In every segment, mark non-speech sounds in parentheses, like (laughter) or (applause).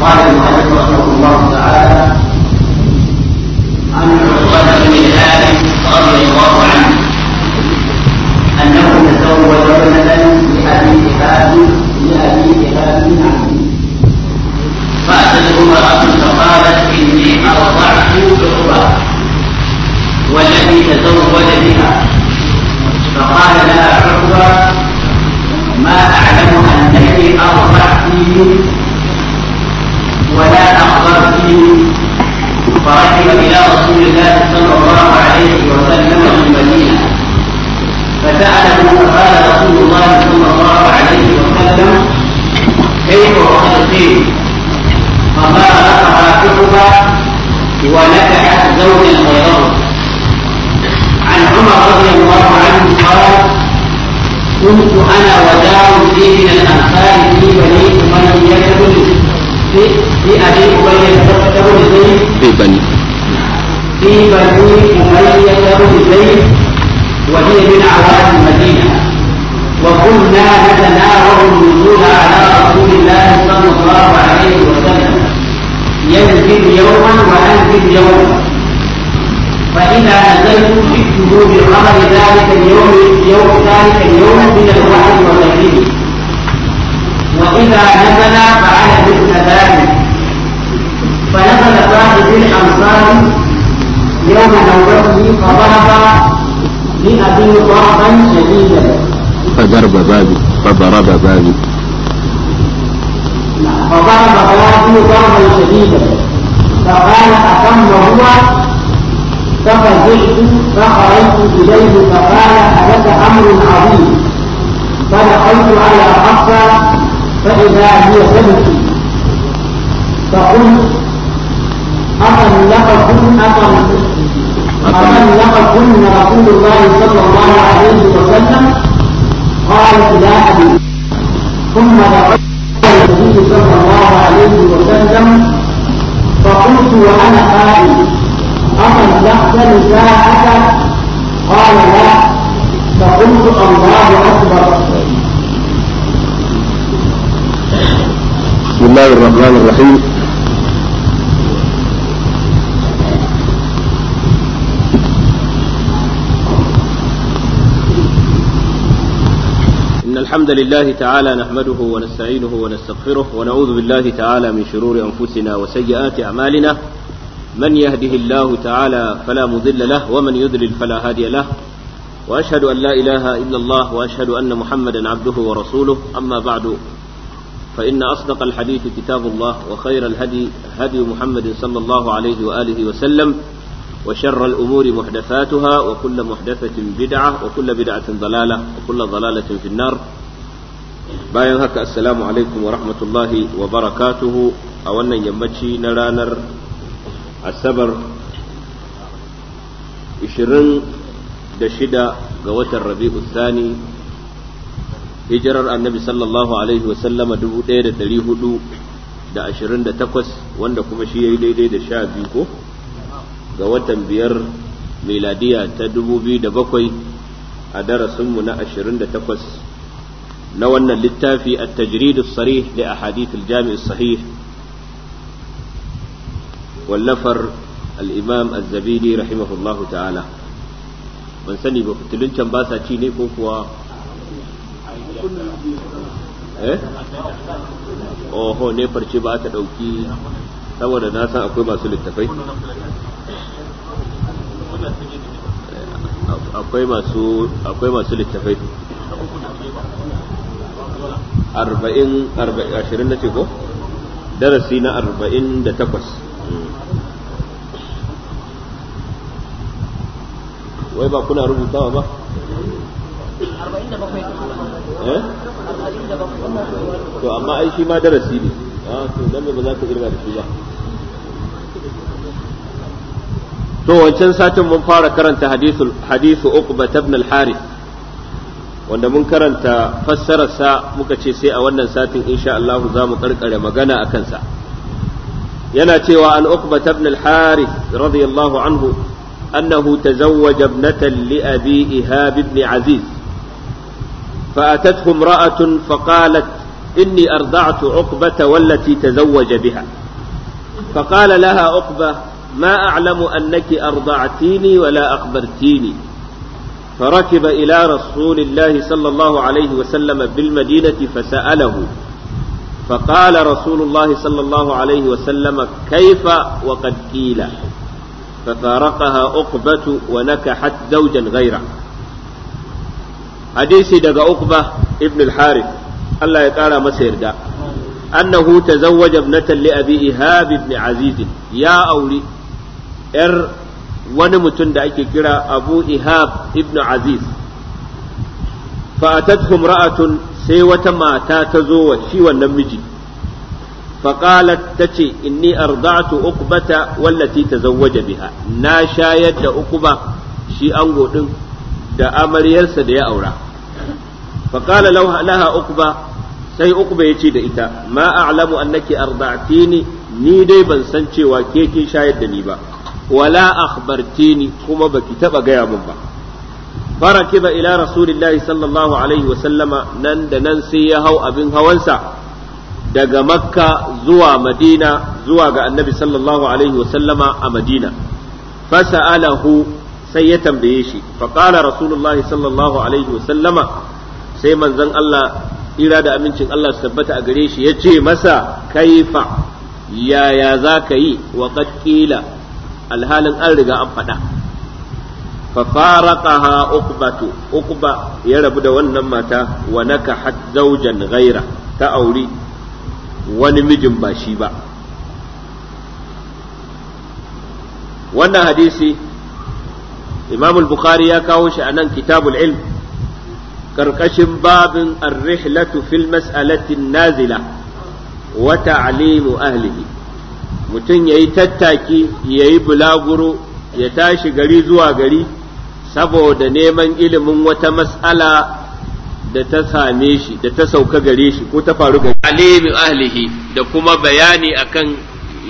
Why بسم الله الرحمن الرحيم إن الحمد لله تعالى نحمده ونستعينه ونستغفره ونعوذ بالله تعالى من شرور أنفسنا وسيئات أعمالنا من يهده الله تعالى فلا مضل له ومن يضلل فلا هادي له واشهد ان لا اله الا الله واشهد ان محمدا عبده ورسوله اما بعد فان اصدق الحديث كتاب الله وخير الهدي هدي محمد صلى الله عليه واله وسلم وشر الامور محدثاتها وكل محدثه بدعه وكل بدعه ضلاله وكل ضلاله في النار bayan haka assalamu alaikum wa rahmatullahi wa barakatuhu a wannan yammaci na ranar asabar 20 da shida ga watan rabi'u thani hijirar annabi sallallahu alaihi wasallama dubu ɗaya da ɗari hudu da ashirin da takwas wanda kuma shi ya yi daidai da sha biyu ko ga watan biyar miladiya ta dubu biyu da bakwai a darasinmu na ashirin da takwas na wannan littafi a tajridu sarih da a hadithul jami'u sahih wallafar al'imam al-zabidi rahimahullahu ta'ala ban sani ba fitilun can ba sa ci ne ko kuwa eh oho ne farce ba ta dauki saboda na san akwai masu littafai akwai masu akwai masu littafai arba'in arba'in ashirin na ce ko darasi na arba'in da takwas wai ba kuna rubutawa ba eh? to amma ai ma darasi ne a ah, to dan ba za ka irga da shi ba to wancan satin mun fara karanta hadisu hadithu uqba ibn al-harith wanda mun karanta fassararsa muka ce sai a wannan satin insha Allah za mu karkare magana a kansa yana cewa an uqba ibn al-harith radiyallahu anhu أنه تزوج ابنة لأبي إيهاب بن عزيز فأتته امرأة فقالت إني أرضعت عقبة والتي تزوج بها فقال لها عقبة ما أعلم أنك أرضعتيني ولا أخبرتيني فركب إلى رسول الله صلى الله عليه وسلم بالمدينة فسأله فقال رسول الله صلى الله عليه وسلم كيف وقد قيل ففارقها عقبة ونكحت زوجا غيره حديثي دقى عقبة ابن الحارث الله يقال ما سيرجع أنه تزوج ابنة لأبي إيهاب بن عزيز يا أولي إر ونمتن دعيك كرا أبو إيهاب ابن عزيز فأتته امرأة سيوة ما تاتزو وشي والنمجي فقالت تتي إني أرضعت أقبة والتي تزوج بها biha na دا أقبة شي أنغو دن دا أمر da ya أورا فقال لها, لها أقبة sai uku ya ce da ita ma a'lamu annaki arda'tini ni dai ban san cewa ke kin shayar da ni ba wala ni kuma baki taɓa gaya min ba farakiba ila rasulillahi sallallahu alaihi wa sallama nan da nan sai ya hau abin hawansa daga makka zuwa madina zuwa ga annabi sallallahu alaihi wasallama a madina fasa'alahu sai ya tambaye shi faƙala rasulullah sallallahu alaihi wasallama sai manzon Allah ira da amincin Allah su tabbata a gare shi ya ce masa kaifa yaya za ka yi wa ƙila alhalin an riga an faɗa ففارقها أقبة أقبة يربد ونمتا ونكحت زوجا غيره ta auri wani mijin ba shi ba wannan hadisi imam bukhari ya kawo shi a nan kitabul ilm karkashin babin arrihlatu fil mas'alatin nazila wa ta'limu ahlihi mutum yayi tattaki yayi bulaguro ya tashi gari zuwa gari saboda neman ilimin wata mas'ala da ta same shi da ta sauka gare shi ko ta faru ga alimin ahlihi da kuma bayani akan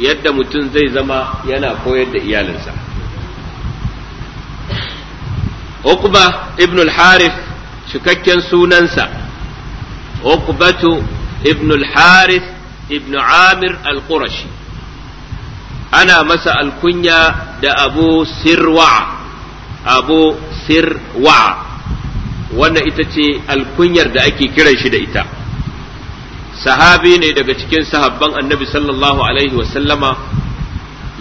yadda mutum zai zama yana koyar da iyalinsa Uqba ibn al-Harith cikakken sunansa Uqbatu ibn al-Harith ibn Amir al-Qurashi ana masa alkunya da Abu Sirwa Abu Sirwa wannan ita ce alkunyar da ake kiran shi da ita sahabi ne daga cikin sahabban annabi sallallahu alaihi wasallama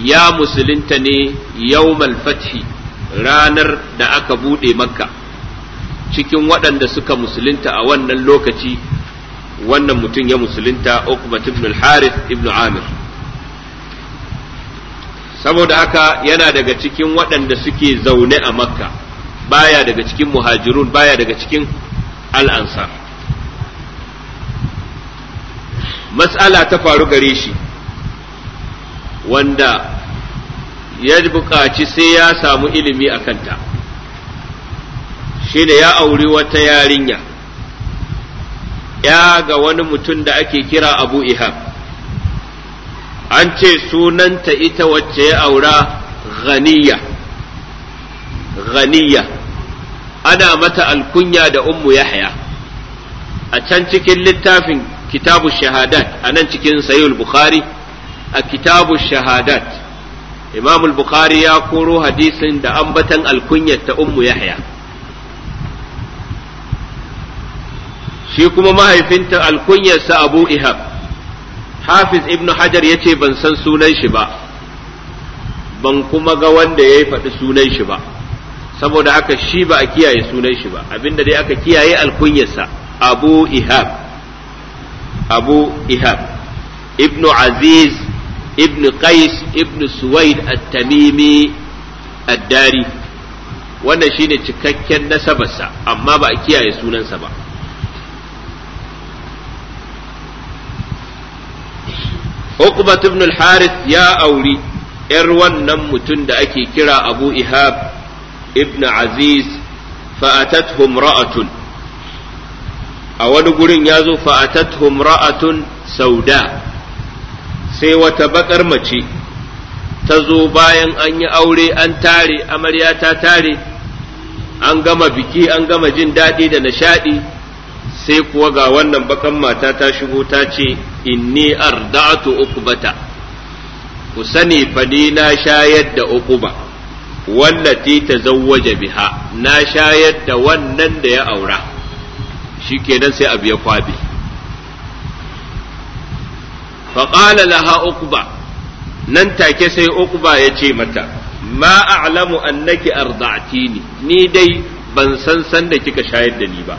ya musulunta ne yau fathi ranar da aka buɗe makka cikin waɗanda suka musulunta a wannan lokaci wannan mutum ya musulunta Uqbat ibn al-Harith ibn Amir saboda haka yana daga cikin waɗanda suke zaune a makka baya daga cikin muhajirun baya daga cikin al'ansa. matsala ta faru gare shi wanda ya buƙaci sai ya samu ilimi a kanta shi ya auri wata yarinya ya ga wani mutum da ake kira abu ihab an ce sunanta ita wacce ya aura ghaniya ghaniya ana mata alkunya da ummu yahya a can cikin littafin kitabu shahadat a nan cikin sayul bukhari a kitabu shahadat imam bukhari ya koro hadisin da ambatan alkunyar ta ummu yahya shi kuma mahaifinta alkunyarsa abu ihab hafiz Ibn hajar ya ce ban san sunan shi ba ban kuma ga wanda ya yi faɗi sunan shi ba saboda haka shi ba a kiyaye sunan shi ba abinda dai aka kiyaye alkunyarsa abu ihab abu ihab ibn aziz ibn qais ibn suwaid at-tamimi ad-dari wannan shine cikakken nasabarsa amma ba a kiyaye sunansa ba Uqbat ibn al-Harith ya auri ‘yar wannan mutum da ake kira Abu Ihab ibn aziz fa'atathu imra'atun a wani gurin ya zo fa'atathu imra'atun sauda sai wata baƙar mace ta zo bayan an yi aure an tare amarya ta tare an gama biki an gama jin daɗi da nishaɗi sai kuwa ga wannan baƙar mata ta shigo ta ce inni arda'atu uqbata ku sani fa ni na shayar da uquba wallati tazawwaja biha na shayar da wannan da ya aura shi shikenan sai abu ya kwabe fa qala laha uqba nan take sai uqba ya ce mata ma a'lamu annaki arda'tini ni dai ban san san da kika shayar da ni ba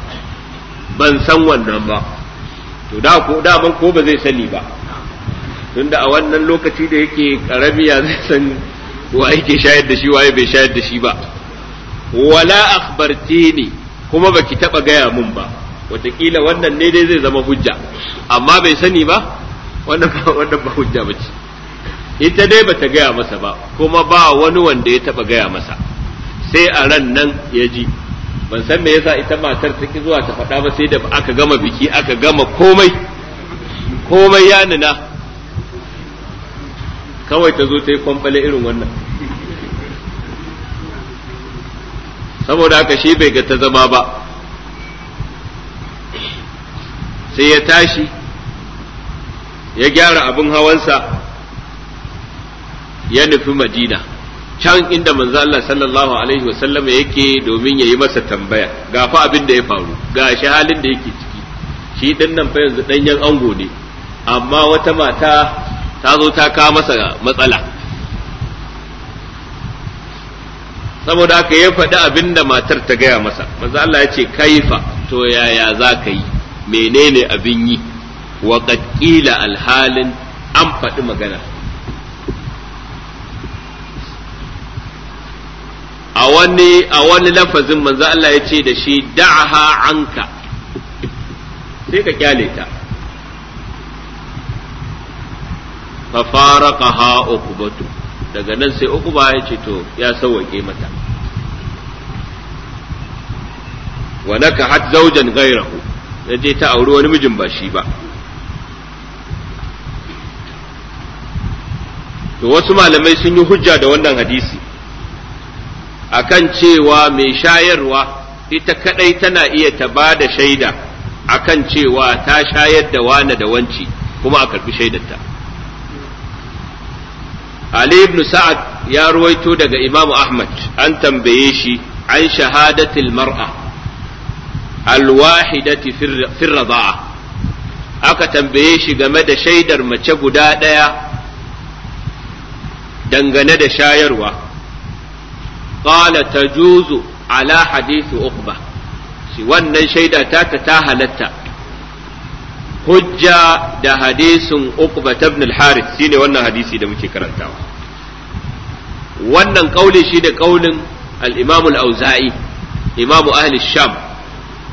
ban san wannan ba to da ko da ban ko ba zai sani ba tunda a wannan lokaci da yake karamiya zai sani. waye ke shayar da shi waye bai shayar da shi ba wala akhbartini kuma baki taba gaya mun ba watakila wannan ne dai zai zama hujja amma bai sani ba wannan ba hujja ba ce ita dai bata gaya masa ba kuma ba wani wanda ya taba gaya masa sai a ran nan ya ji ban san me yasa ita matar ta ki zuwa ta faɗa ba sai da aka gama biki aka gama komai komai ya nuna kawai ta zo ta yi kwamfale irin wannan saboda haka shi bai ga ta zama ba sai ya tashi ya gyara abin hawansa ya nufi madina can inda manzo Allah sallallahu alaihi wasallam yake domin ya yi masa tambaya ga fa abin da ya faru ga shi halin da yake ciki shi din nan fa yanzu danyen ango ne amma wata mata ta zo ta kawo masa matsala saboda haka ya faɗi abin da matar ta gaya masa maza Allah ya ce kaifa to yaya za ka yi menene abin yi wa ƙaƙƙila alhalin an faɗi magana a wani a wani lafazin manzo Allah ya ce da shi da'aha anka sai ka kyale ta fa faraqaha uqbatu daga nan sai uku ba ya ce to ya sauwaƙe mata wa naka hat zaujan gairahu na je ta auri wani mijin ba shi ba to wasu malamai sun yi hujja da wannan hadisi akan cewa mai shayarwa ita kadai tana iya ta ba da shaida akan cewa ta shayar da wane da wanci kuma a karbi shaidarta Ali ibn Sa'ad ya ruwaito daga Imam Ahmad an tambaye shi an shahadatil mar'a alwahidati fi rida'a aka tambaye shi game da shaidar mace guda ɗaya dangane da shayarwa qala tajuzu ala hadisi uqba wannan shaida ta ta halatta hujja da hadisin uqbat ibn al-harith shine wannan hadisi da muke karantawa wannan kauli shi da kaulin al-imam al-auza'i imam ahli sham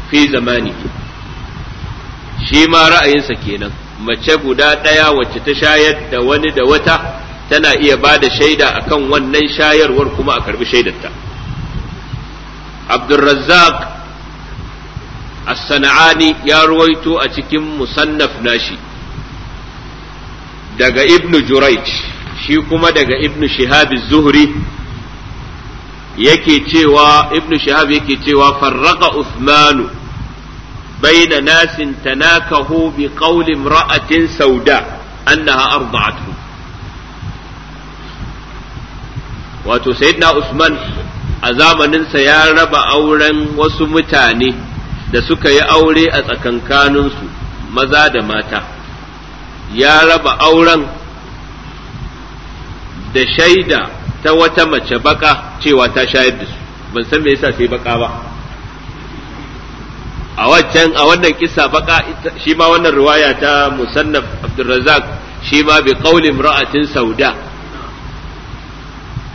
fi zamani shi ma ra'ayinsa kenan mace guda ɗaya wacce ta shayar da wani da wata tana iya ba da shaida akan wannan shayarwar kuma a karbi shaidarta abdulrazzaq as-sana'ani ya ruwaito a cikin musannaf nashi daga ibnu juraij shi kuma daga ibnu shihab az-zuhri yake cewa ibnu shihab yake cewa farraqa uthmanu baina nasin tanakahu bi qawli imra'atin sauda annaha arda'athu wato sayyidina usman a zamaninsa ya raba auren wasu mutane da suka yi aure a tsakankaninsu maza da mata ya raba auren da shaida ta wata mace baka cewa ta shayar da su ban san me yasa sai baka ba a waccan a wannan kisa baka shi ma wannan riwaya ta musannaf abdurrazzaq shi ma bi qauli imra'atin sauda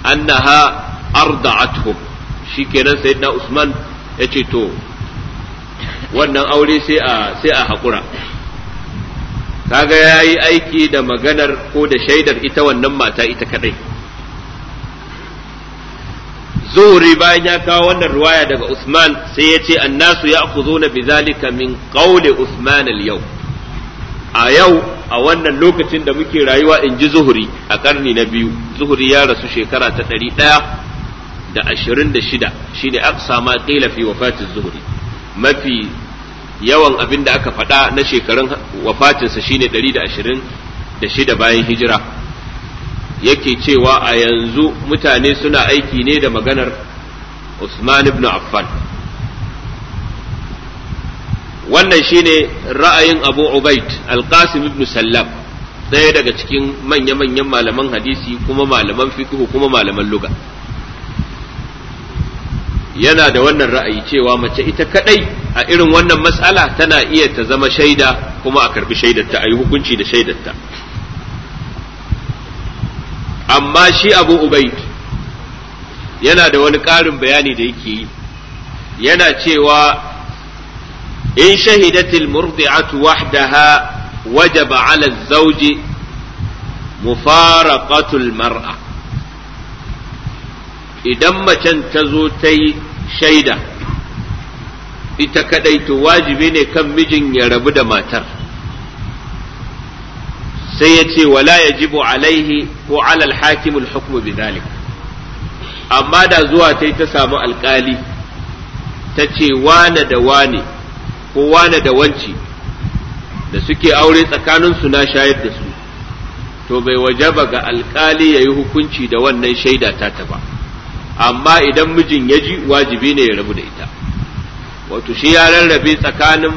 annaha arda'atuhum shikenan sayyidina usman yace to wannan aure sai a sai a hakura kaga yayi aiki da maganar ko da shaidar ita wannan mata ita kadai zuhri bayan ya kawo wannan ruwaya daga Usman sai ya ce annasu ya akuzuna bi zalika min ƙaule Usman yau a yau a wannan lokacin da muke rayuwa in ji zuhuri a karni na biyu zuhuri ya rasu shekara ta ɗari ɗaya da ashirin da shida shine aqsa ma qila fi wafatiz zuhuri mafi yawan abin da aka faɗa na shekarun wafatinsa shine shida bayan hijira yake cewa a yanzu mutane suna aiki ne da maganar Usman ibn Affan wannan shine ra'ayin Abu Ubaid Al-Qasim ibn Sallam ɗaya daga cikin manya-manyan malaman hadisi kuma malaman fikihu kuma malaman luga yana da wannan ra'ayi cewa mace ita kadai a irin wannan mas'ala tana iya ta zama shaida kuma a karbi shaidarta a yi hukunci da shaidarta amma shi abu ubaid yana da wani ƙarin bayani da yake yi yana cewa in shahidatil murdi'atu wahdaha wajaba 'ala az mufaraqatul mar'a idan macen ta zo ta yi shaida ita kadai to wajibi ne kan mijin ya rabu da matar sai ya ce wala yajibu alaihi ko alal hakimul hukmu bidhalik amma da zuwa ta ta samu alkali ta ce wane da wane ko wane da wanci da suke aure tsakaninsu na shayar da su to bai wajaba ga alkali ya yi hukunci da wannan shaida ta ta ba amma idan mijin ya ji wajibi ne ya rabu da ita wato shi ya rarrabe tsakanin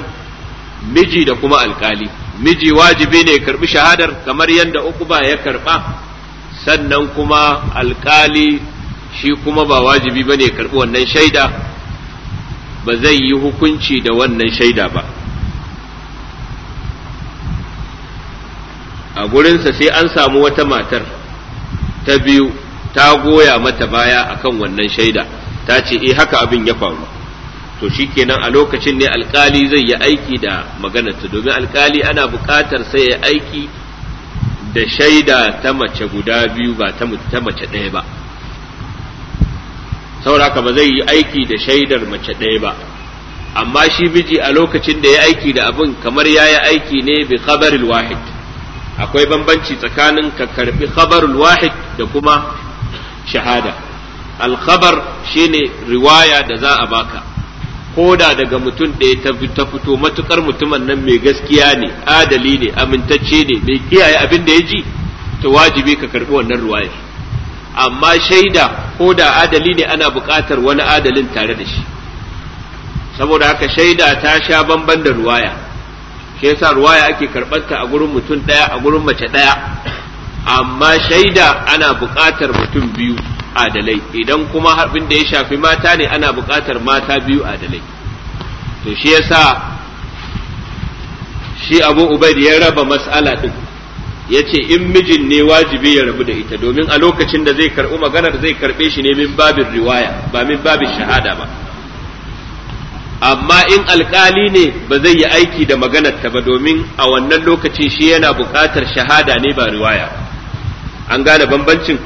miji da kuma alkali miji wajibi ne ya karbi shahadar kamar yadda ba ya karba sannan kuma alkali shi kuma ba wajibi ba ne ya karbi wannan shaida ba zai yi hukunci da wannan shaida ba a gurinsa sai an samu wata matar ta biyu ta goya mata baya akan wannan shaida ta ce eh haka abin ya faru to shikenan a lokacin ne alkali zai yi aiki da magana ta domin alkali ana buƙatar sai ya aiki da shaida ta mace guda biyu ba ta mace ɗaya ba sauraka ba zai yi aiki da shaidar mace ɗaya ba amma shi miji a lokacin da ya aiki da abin kamar ya yi aiki ne bi khabaril wahid akwai bambanci tsakanin ka karbi khabaril wahid da kuma shahada alkhabar shine riwaya da za a baka koda daga mutum ɗaya ta fito matukar mutumin nan mai gaskiya ne adali ne amintacce ne mai kiyaye abin da ya ji to wajibi ka karbi wannan riwaya. amma shaida koda adali ne ana buƙatar wani adalin tare da shi saboda haka shaida ta sha bamban da riwaya, shi yasa ruwaya ake karɓarta a gurin mutum ɗaya a gurin mace ɗaya amma shaida ana buƙatar mutum biyu adalai idan kuma harbin da ya shafi mata ne ana buƙatar mata biyu adalai to shi yasa shi abu ubaid ya raba mas'ala din ya ce in mijin ne wajibi ya rabu da ita domin a lokacin da zai karɓi maganar zai karɓe shi ne min babin riwaya ba min babin shahada ba amma in alkali ne ba zai yi aiki da maganar ta ba domin a wannan lokacin shi yana buƙatar shahada ne ba riwaya an gane bambancin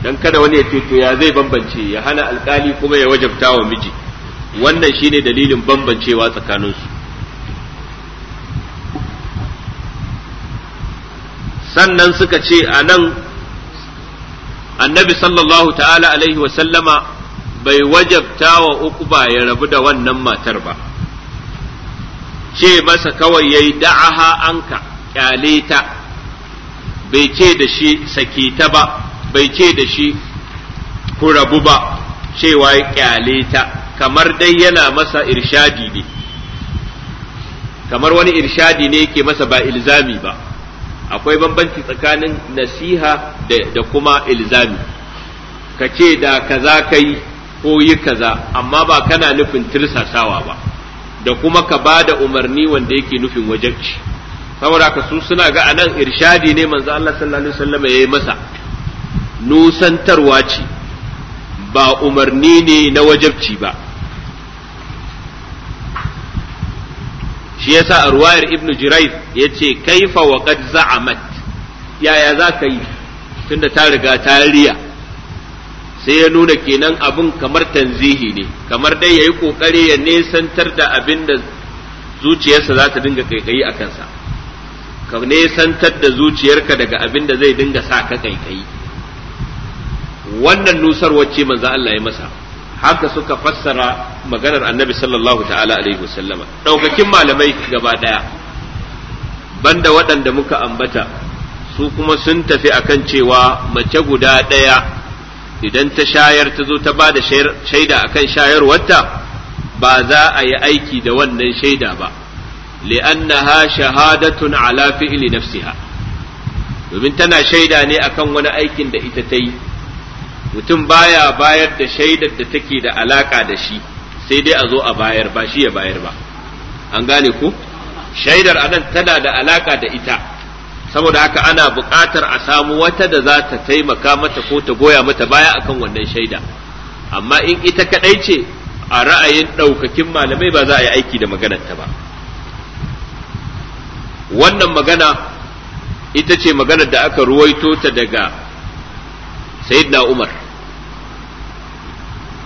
dan kada wani ya ce to ya zai bambance ya hana alkali kuma ya wajabta wa miji wannan shine dalilin bambancewa tsakaninsu sannan suka ce a nan annabi sallallahu ta'ala alaihi sallama, bai wajabta wa uku ba ya rabu da wannan matar ba ce masa kawai ya yi da'aha anka kyale ta bai ce da shi sake ba bai ce da shi kurabu ba cewa ya kyale ta kamar dai yana masa irshadi ne kamar wani irshadi ne yake masa ba ilzami ba akwai bambanci tsakanin nasiha da kuma ilzami ka ce da kaza kai ko yi kaza amma ba kana nufin tirsasawa ba da kuma ka ba da umarni wanda yake nufin wajen ci. saboda ka su suna ga anan irshadi ne manzo Allah sallallahu alaihi wasallam yayi masa nusantarwa ce ba umarni ne na wajabci ba shi yasa a ruwayar ibnu jirayf yace kaifa wa qad za'amat yaya za ka yi tunda ta riga ta riya sai ya nuna kenan abin kamar tanzihi ne kamar dai yayi kokari ya nesantar da abin da zuciyarsa za ta dinga kai a kansa ka nesantar da zuciyarka daga abin da zai dinga sa ka kaikayi wannan nusarwar ce manzo Allah ya masa haka suka fassara maganar annabi sallallahu ta'ala alaihi wasallama daukakin malamai gaba daya banda waɗanda muka ambata su kuma sun tafi akan cewa mace guda ɗaya idan ta shayar ta zo ta ba da shaida akan shayarwarta ba za a yi aiki da wannan shaida ba li'annaha shahadatun ala fi'li nafsiha domin tana shaida ne akan wani aikin da ita ta yi mutum baya bayar da shaidar da take da alaka da shi sai dai a zo a bayar ba shi ya bayar ba an gane ku shaidar anan tana da alaka da ita saboda haka ana buƙatar a samu wata da za ta taimaka mata ko ta goya mata baya akan wannan shaida amma in ita kaɗai ce a ra'ayin ɗaukakin malamai ba za a yi aiki da maganarta ba wannan magana ita ce maganar da aka ruwaito ta daga sayyidina umar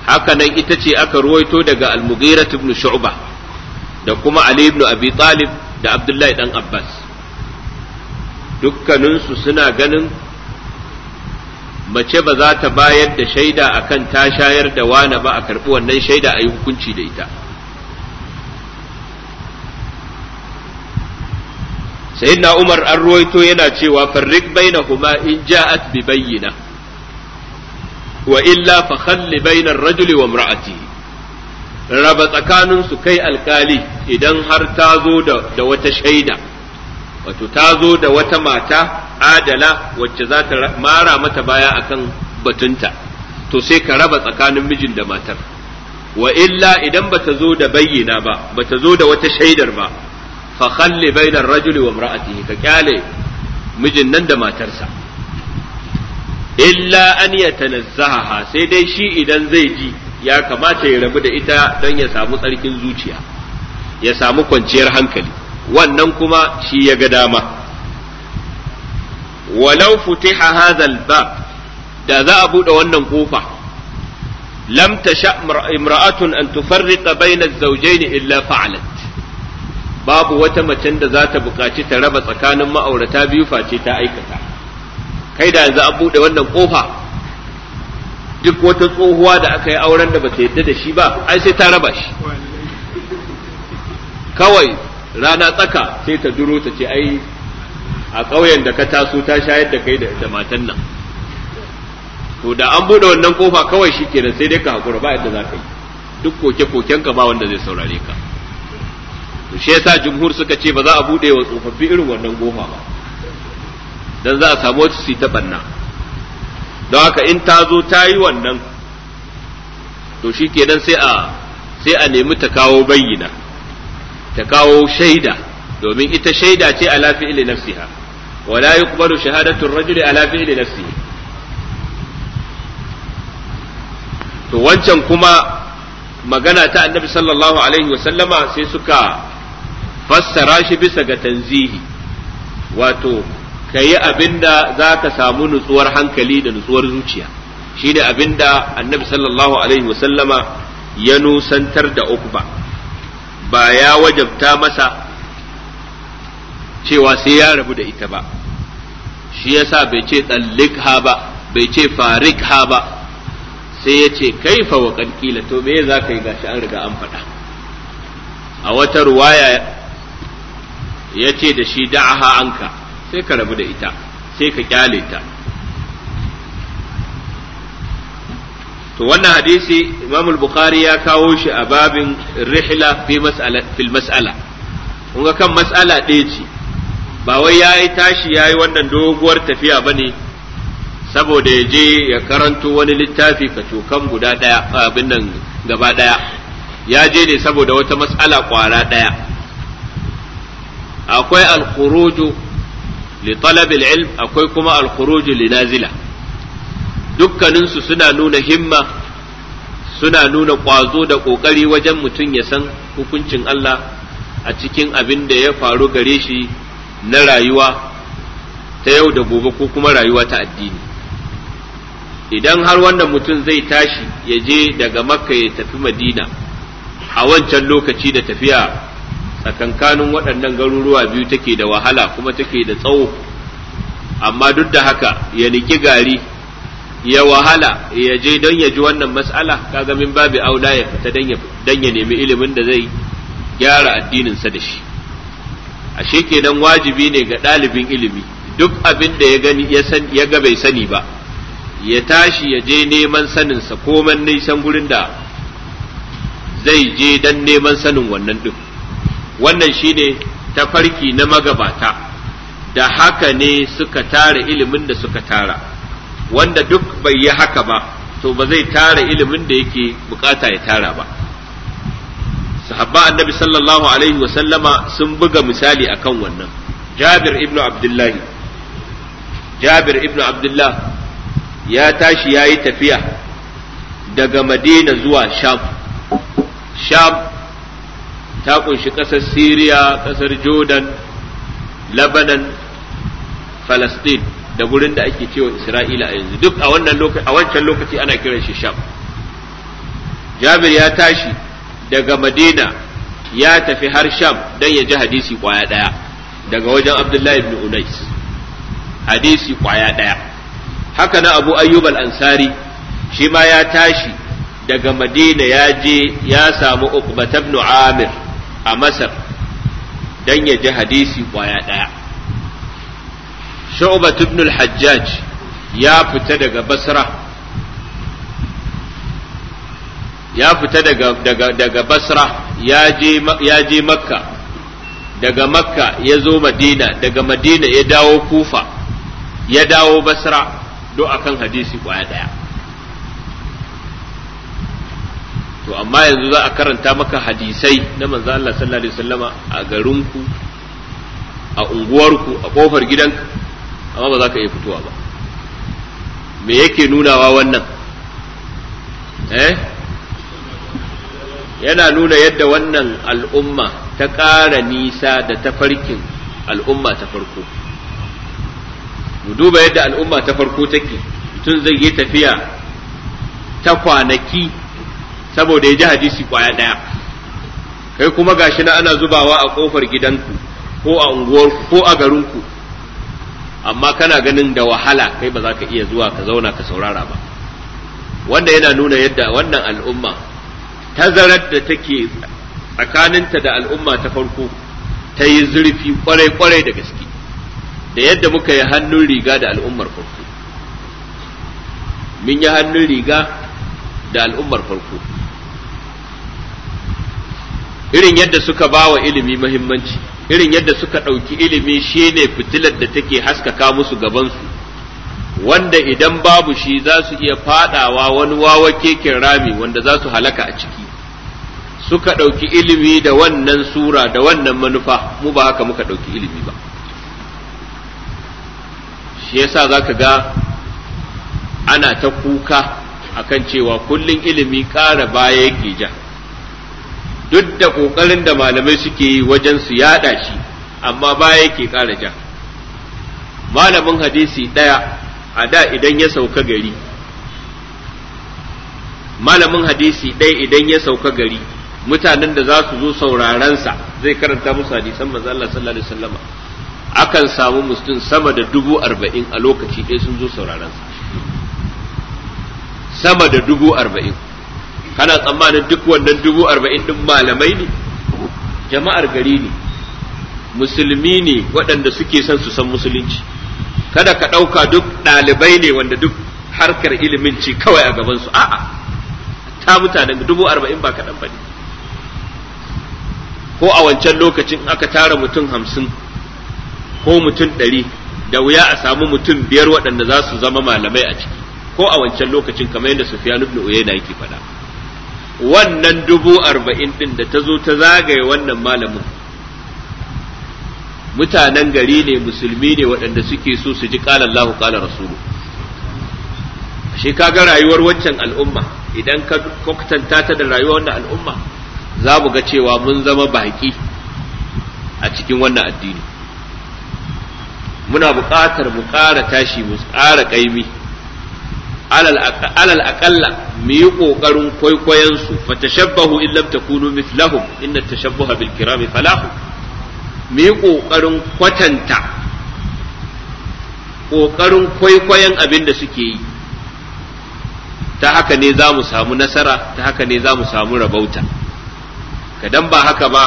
hakanan ita ce aka ruwaito daga al-mughira ibn shu'ba da kuma ali ibn abi talib da abdullahi dan abbas dukkaninsu suna ganin mace ba za ta bayar da shaida akan ta shayar da wani ba a karɓi wannan shaida a yi hukunci da ita sayyidina na'umar an ruwaito yana cewa farrik bainahuma in ja'at bi bayyina wa illa fa khalli bainar rajuli wa imra'atihi raba tsakanin su kai alkali idan har ta zo da wata shaida wato ta zo da wata mata adala wacce za ta mara mata baya akan batunta to sai ka raba tsakanin mijin da matar wa illa idan bata zo da bayyana ba bata zo da wata shaidar ba Fakhalli bainar rajuli wa imra'atihi ka kyale mijin nan da matarsa illa an yatanazzaha sai dai shi idan zai ji ya kamata ya rabu da ita don ya samu tsarkin zuciya ya samu kwanciyar hankali wannan kuma shi ya ga dama walau futiha hadhal bab da za a bude wannan kofa lam tasha imra'atun an tufarriqa bayna az-zawjayn illa fa'alat babu wata macen da za ta buƙaci ta raba tsakanin ma'aurata biyu face ta aikata kai da yanzu an buɗe wannan ƙofa duk wata tsohuwa da aka yi auren da ba ta yadda da shi ba ai sai ta raba shi kawai rana tsaka sai ta duro ta ce ai a ƙauyen da ka taso ta shayar da kai da matan nan to da an buɗe wannan ƙofa kawai shi kenan sai dai ka haƙura ba yadda za ka yi duk koke-kokenka ba wanda zai saurare ka to shi yasa jumhur suka ce ba za a bude wa tsofaffi irin wannan goma ba dan za a samu wata su ta banna don haka in ta zo ta yi wannan to shi kenan sai a sai a nemi ta kawo bayyana ta kawo shaida domin ita shaida ce ala fi'li nafsiha wala yuqbalu shahadatu ar-rajuli ala fi'li nafsihi to wancan kuma magana ta annabi sallallahu alaihi sallama sai suka fassara shi bisa ga tanzihi wato ka yi abinda za ka samu nutsuwar hankali da nutsuwar zuciya shi ne abin annabi sallallahu alaihi wasallama ya nusantar da ukba ba ya wajabta masa cewa sai ya rabu da ita ba shi yasa bai ce tsallik ha ba bai ce farik ha ba sai ya ce kai fa wa kankila to me za ka yi gashi an riga an faɗa a wata ruwaya ya ce da shi da'aha anka sai ka rabu da ita sai ka kyale ta to wannan hadisi imam bukhari ya kawo shi a babin rihla fi mas'ala fil mas'ala kun ga kan mas'ala ɗaya ce ba wai yayi tashi yayi wannan doguwar tafiya bane saboda ya je ya karanto wani littafi kacokan guda ɗaya abin nan gaba ɗaya ya je ne saboda wata mas'ala kwara ɗaya akwai alkhuruju li talabil ilm akwai kuma alkhuruju li nazila dukkaninsu suna nuna himma suna nuna ƙwazo da ƙoƙari wajen mutum ya san hukuncin Allah a cikin abin da ya faru gare shi na rayuwa ta yau da gobe ko kuma rayuwa ta addini idan har wanda mutum zai tashi ya je daga makka ya tafi madina a wancan lokaci da tafiya tsakankanin waɗannan garuruwa biyu take da wahala kuma take da tsawo amma duk da haka ya niki gari ya wahala ya je don ya ji wannan matsala kaga min babu aula ya fita don ya nemi ilimin da zai gyara addininsa da shi ashe kenan wajibi ne ga ɗalibin ilimi duk abin da ya gani ya ga bai sani ba ya tashi ya je neman saninsa koman nisan gurin da zai je dan neman sanin wannan duk wannan shine tafarki na magabata da haka ne suka tara ilimin da suka tara wanda duk bai yi haka ba to ba zai tara ilimin da yake bukata ya tara ba sahabba annabi sallallahu alaihi wa sallama sun buga misali akan wannan jabir ibnu abdullahi jabir ibnu abdullah ya tashi ya yi tafiya daga madina zuwa sham sham ta kunshi ƙasar Siriya, ƙasar Jordan, Lebanon, Palestine da gurin da ake cewa Isra'ila a yanzu duk a wannan lokaci a wancan lokaci ana kiran shi Sham. Jabir ya tashi daga Madina ya tafi har Sham don ya ji hadisi kwaya ɗaya daga wajen Abdullahi ibn Unais. Hadisi kwaya ɗaya. Haka na Abu Ayyub al-Ansari shi ma ya tashi daga Madina ya je ya samu Uqba ibn Amir a masar don ya ji hadisi kwaya ɗaya shu'bat ibn al-hajjaj ya fita daga basra ya fita daga daga daga basra ya je makka daga makka ya zo madina daga madina ya dawo kufa ya dawo basra do akan hadisi kwaya ɗaya to amma yanzu za a karanta maka hadisai na manzo Allah sallallahu alaihi wasallama a garinku a unguwarku a kofar gidanka amma ba za ka iya fitowa ba me yake nunawa wannan eh yana nuna yadda wannan al'umma ta ƙara nisa da farkin al'umma ta farko mu duba yadda al'umma ta farko take mutum zai yi tafiya ta kwanaki saboda ya ji hadisi kwaya ɗaya kai kuma gashi na ana zubawa a ƙofar gidanku ko a unguwarku ko a garinku amma kana ganin da wahala kai ba za ka iya zuwa ka zauna ka saurara ba wanda yana nuna yadda wannan al'umma tazarar da take tsakaninta da al'umma ta farko ta yi zurfi kwarai-kwarai da gaske da yadda muka yi hannun riga da al'ummar farko mun yi hannun riga da al'ummar farko irin yadda suka bawa ilimi mahimmanci irin yadda suka ɗauki ilimi shi ne fitilar da take haskaka musu gabansu wanda idan babu shi za su iya fadawa wani wawa keken rami wanda za su halaka a ciki suka ɗauki ilimi da wannan sura da wannan manufa mu ba haka muka ɗauki ilimi ba shi yasa za ka ga ana ta kuka akan cewa kullum ilimi ƙara baya yake ja duk da kokarin da malamai suke yi wajen su yada shi amma baya yake ƙara ja malamin hadisi ɗaya a da idan ya sauka gari malamin hadisi ɗaya idan ya sauka gari mutanen da za su zo saurarensa zai karanta musu hadisan manzo Allah sallallahu alaihi wasallama akan samu mutum sama da dubu arba'in a lokaci ɗaya sun zo saurarensa sama da dubu arba'in kana tsammanin duk wannan dubu arba'in din malamai ne jama'ar gari ne musulmi ne waɗanda suke son su san musulunci kada ka ɗauka duk ɗalibai ne wanda duk harkar ilimin ci kawai a gabansu a'a ta mutanen dubu arba'in ba kaɗan ba ne ko a wancan lokacin aka tara mutum hamsin ko mutum ɗari da wuya a samu mutum biyar waɗanda za su zama malamai a ciki ko a wancan lokacin kamar yadda Sufyan ibn na yake faɗa wannan dubu arba'in ɗin da ta zo ta zagaye wannan malamin mutanen gari ne musulmi ne waɗanda suke so su ji ƙala Allahu ƙala Rasulu shi kaga rayuwar waccan al'umma idan ka kwakwatanta ta da rayuwar wannan al'umma za mu ga cewa mun zama baƙi a cikin wannan addini muna buƙatar mu ƙara tashi mu ƙara ƙaimi alal aqalla mu yi kokarin kwaikwayon su fa tashabbahu in lam takunu mithlahum inna tashabbaha bil kirami falahu mu yi kokarin kwatanta kokarin kwaikwayon abin da suke yi ta haka ne za mu samu nasara ta haka ne za mu samu rabauta kadan ba haka ba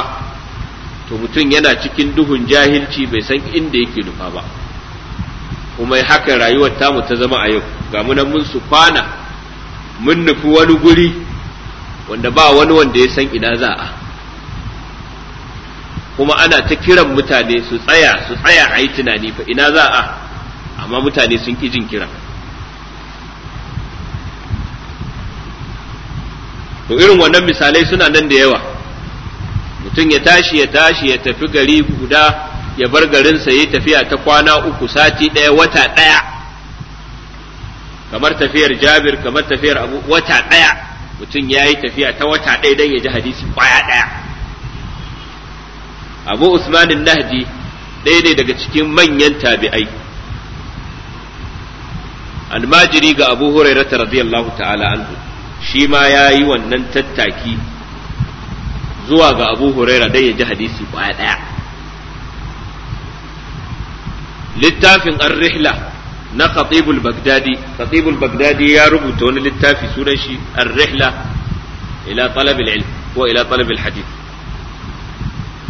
to mutum yana cikin duhun jahilci bai san inda yake nufa ba kuma haka rayuwar mu ta zama a yau ga munan mun su kwana mun nufi wani guri wanda ba wani wanda ya san ina za a kuma ana ta kiran mutane su tsaya su tsaya a yi tunani fa ina za a amma mutane sun ki jin kira. to irin wannan misalai suna nan da yawa mutum ya tashi ya tashi ya tafi gari guda ya bar garin sa yi tafiya ta kwana uku sati ɗaya wata ɗaya kamar tafiyar jabir kamar tafiyar abu wata ɗaya mutum ya yi tafiya ta wata ɗaya don ya ji hadisi kwaya ɗaya abu usmanin nahdi ɗaya ne daga cikin manyan tabi'ai almajiri ga abu hurairata radiyallahu ta'ala anhu shi ma ya yi wannan tattaki zuwa ga abu huraira don ya ji hadisi kwaya ɗaya littafin an rihla na khatibul bagdadi khatibul bagdadi ya rubuta wani littafi sunan shi an rihla ila ilm ko ila hadith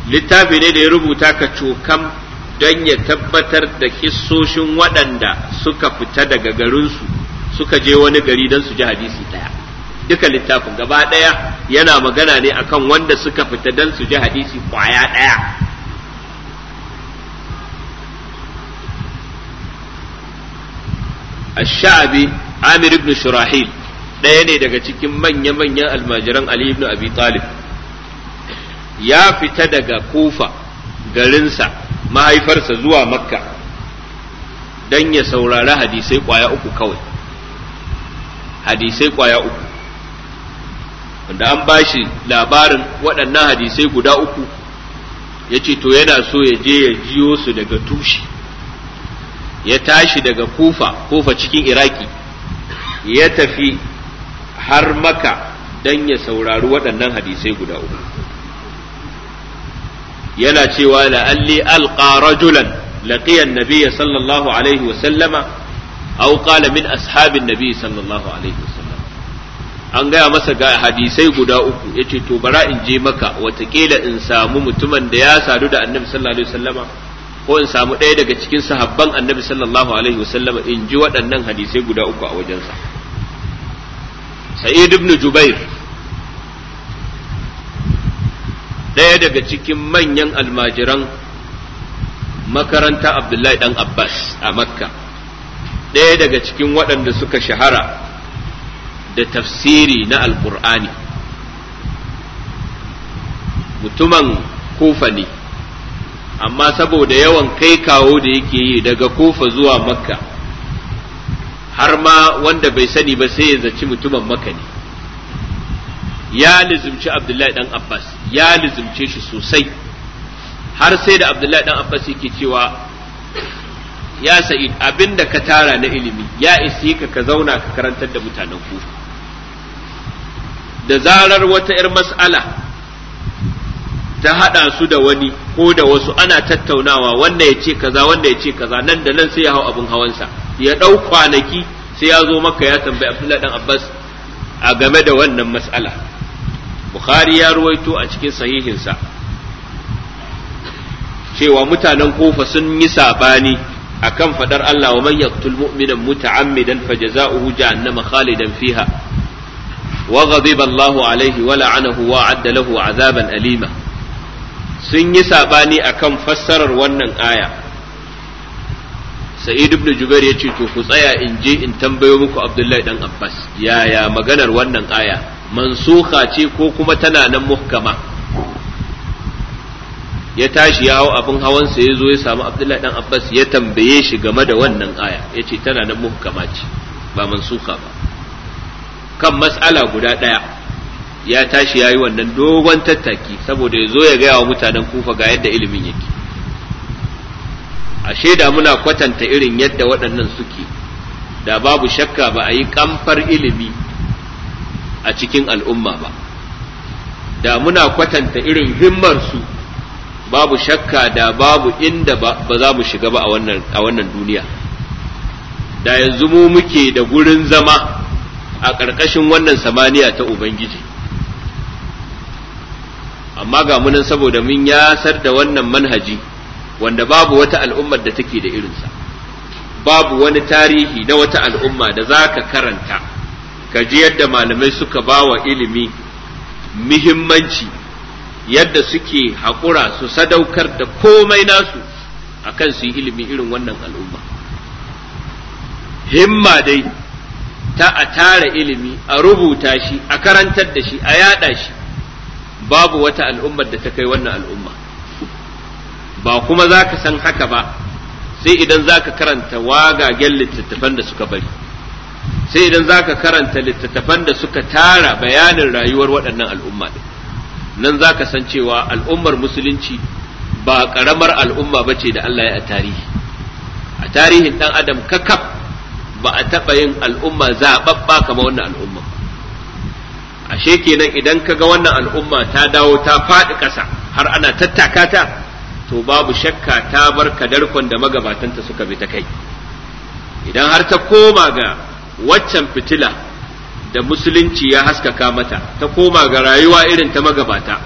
littafi ne da ya rubuta ka cokam don ya tabbatar da kissoshin waɗanda suka fita daga garinsu suka je wani gari don su ji hadisi ɗaya duka littafin gaba ɗaya yana magana ne akan wanda suka fita don su ji hadisi ƙwaya ɗaya ash-sha'bi amir ibn shurahil ɗaya ne daga cikin manya-manyan almajiran ali ibn abi talib ya fita daga kufa garinsa mahaifarsa zuwa makka don ya saurari hadisai kwaya uku kawai hadisai kwaya uku wanda an ba shi labarin waɗannan hadisai guda uku ya ce to yana so ya je ya jiyo su daga tushe ya tashi daga kufa kufa cikin iraki ya tafi har maka don ya saurari waɗannan hadisai guda uku yana cewa la'alli alqa rajulan laqiya nabiyya sallallahu alaihi wasallama aw qala min ashabin nabiy sallallahu alaihi wasallam an gaya masa ga hadisai guda uku yace to bara in je maka watakila in samu mutumin da ya sadu da annabi sallallahu alaihi wasallama ko in samu ɗaya daga cikin sahabban annabi sallallahu alaihi sallam in ji waɗannan hadisai guda uku a wajensa sa'id ibn jubair ɗaya daga cikin manyan almajiran makaranta abdullahi dan abbas a makka ɗaya daga cikin waɗanda suka shahara da tafsiri na alƙur'ani mutumin kufa ne amma saboda yawan kai kawo da yake yi daga kofa zuwa makka har ma wanda bai sani ba sai ya zaci mutumin makka ne ya lizumci abdullahi dan abbas ya lizumce shi sosai har sai da abdullahi dan abbas yake cewa ya sa'id abinda ka tara na ilimi ya isi ka ka zauna ka karantar da mutanen ku da zarar wata 'yar mas'ala ta haɗa su da wani ko da wasu ana tattaunawa wannan ya ce kaza wannan ya ce kaza nan da nan sai ya hau abin hawansa ya ɗau kwanaki sai ya zo maka ya tambayi abdullahi dan abbas a game da wannan mas'ala bukhari ya ruwaito a cikin sahihinsa cewa mutanen kofa sun yi sabani akan fadar Allah wa man yaqtul mu'mina muta'ammidan fajaza'uhu jahannama khalidan fiha wa ghadiba Allahu alayhi wa la'anahu wa 'adda alima sun yi saɓani kan fassarar wannan aya sa'id ibn jubair ya ce to ku tsaya in je in tambayo muku abdullahi dan abbas yaya maganar wannan aya mansuha ce ko kuma tana nan muhkama ya tashi ya hau abin hawansa ya zo ya samu abdullahi dan abbas ya tambaye shi game da wannan aya ya ce tana nan muhkama ce ba mansuha ba kan mas'ala guda ɗaya ya tashi ya yi wannan dogon tattaki saboda ya zo ya gaya wa mutanen kufa ga yadda ilimin yake Ashe da muna kwatanta irin yadda waɗannan suke da babu shakka ba a yi kamfar ilimi a cikin al'umma ba da muna kwatanta irin su, babu shakka da babu inda ba za mu shiga ba a wannan duniya da yanzu mu muke da gurin zama a ƙarƙashin wannan samaniya ta ubangiji amma ga munan saboda mun yasar da wannan manhaji wanda babu wata al'ummar da take da irinsa babu wani tarihi na wata al'umma da za ka karanta ka ji yadda malamai suka ba wa ilimi muhimmanci yadda suke haƙura su sadaukar da komai nasu akan su yi ilimi irin wannan al'umma himma dai ta a tara ilimi a rubuta shi a karantar da shi a yada shi babu wata al'ummar da ta kai wannan al'umma ba kuma za ka san haka ba sai idan za ka karanta wagagen littattafan da suka bari sai idan za ka karanta littattafan da suka tara bayanin rayuwar waɗannan al'umma ɗin nan za ka san cewa al'ummar musulunci ba ƙaramar al'umma ba ce da Allah ya a tarihi a tarihin ɗan adam kakaf ba a taɓa yin al'umma zaɓaɓɓa kama wannan al'umma ashe kenan idan ka ga wannan al'umma ta dawo ta faɗi ƙasa har ana tattaka ta to babu shakka ta bar kadarkon da magabatanta suka bi ta kai idan har ta koma ga waccan fitila da musulunci ya haskaka mata ta koma ga rayuwa irin ta magabata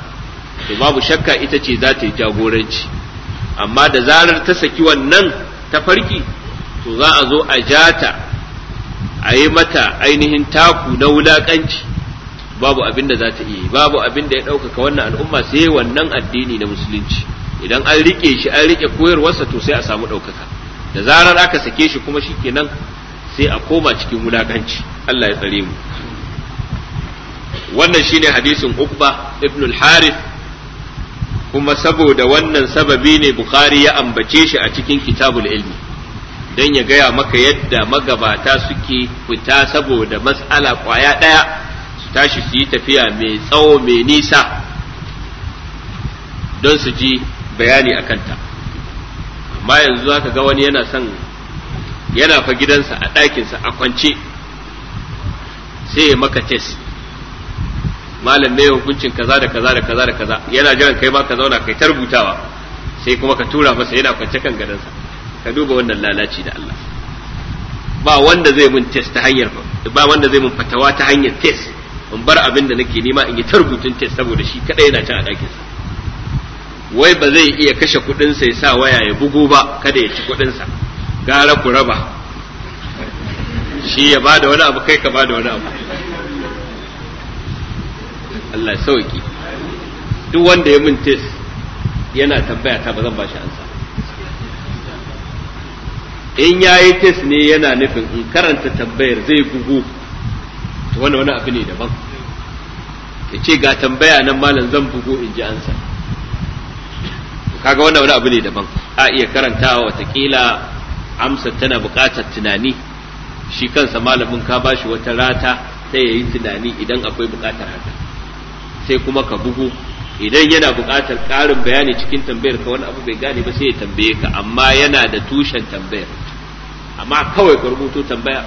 to babu shakka ita ce za ta yi jagoranci amma da zarar ta saki wannan ta farki to za a zo a jata a yi mata ainihin taku na wulaƙanci babu abin da za ta iya babu abin da ya ɗaukaka wannan al'umma sai wannan addini na musulunci idan an rike shi an rike koyarwarsa to sai a samu ɗaukaka da zarar aka sake shi kuma shikenan sai a koma cikin wulakanci Allah ya tsare mu wannan shine hadisin Uqba ibn al-Harith kuma saboda wannan sababi ne Bukhari ya ambace shi a cikin kitabul ilmi dan ya gaya maka yadda magabata suke fita saboda mas'ala kwaya ɗaya tashi su yi tafiya mai tsawo mai nisa don su ji bayani a kanta amma yanzu ka ga wani yana son yana fa gidansa a ɗakinsa a kwance sai ya maka tes malam mai hukuncin kaza da kaza da kaza da kaza yana jiran kai ma ka zauna kai ta rubutawa sai kuma ka tura masa yana kwance kan gadansa ka duba wannan lalaci da Allah ba wanda zai mun test ta hanyar ba wanda zai mun fatawa ta hanyar test in bar abin da nake nema in yi ta rubutun test saboda shi kadai yana can a ɗakin sa wai ba zai iya kashe kuɗin sa ya sa waya ya bugo ba kada ya ci kuɗin sa gara ku raba shi ya ba da wani abu kai ka ba da wani abu Allah sauki duk wanda ya min test yana tambaya ta ba zan ba shi ansa in ya yi test ne yana nufin in karanta tambayar zai bugu. wanda wani abu ne daban ya ce ga tambaya nan malam zan bugo in ji ansa kaga wannan wani abu ne daban a iya karantawa watakila amsar tana buƙatar tunani shi kansa malamin ka bashi wata rata sai ya yi tunani idan akwai buƙatar haka sai kuma ka bugu idan yana buƙatar ƙarin bayani cikin tambayar ka wani abu bai gane ba sai ya tambaye ka amma yana da tushen tambayar amma kawai ka rubuto tambaya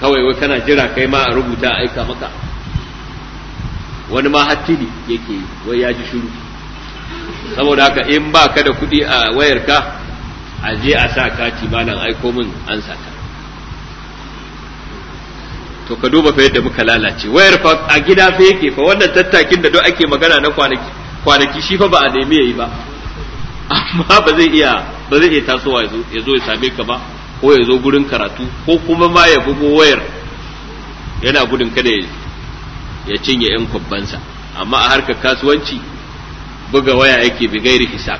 kawai wai kana jira kai ma a rubuta aika maka wani ma hattili yake wai ya ji shiru saboda haka in ba ka da kuɗi a wayarka a je a sa kati ma nan aiko min an sata to ka duba fa yadda muka lalace wayar fa a gida fa yake fa wannan tattakin da duk ake magana na kwanaki kwanaki shi fa ba a nemi yayi ba (laughs) amma ba zai iya ba zai iya tasowa ya zo ya same ka ba ko ya zo gurin karatu ko kuma ma ya bugo wayar yana gudun kada ya cinye 'yan kwabbansa amma a harka kasuwanci buga waya yake gairi hisab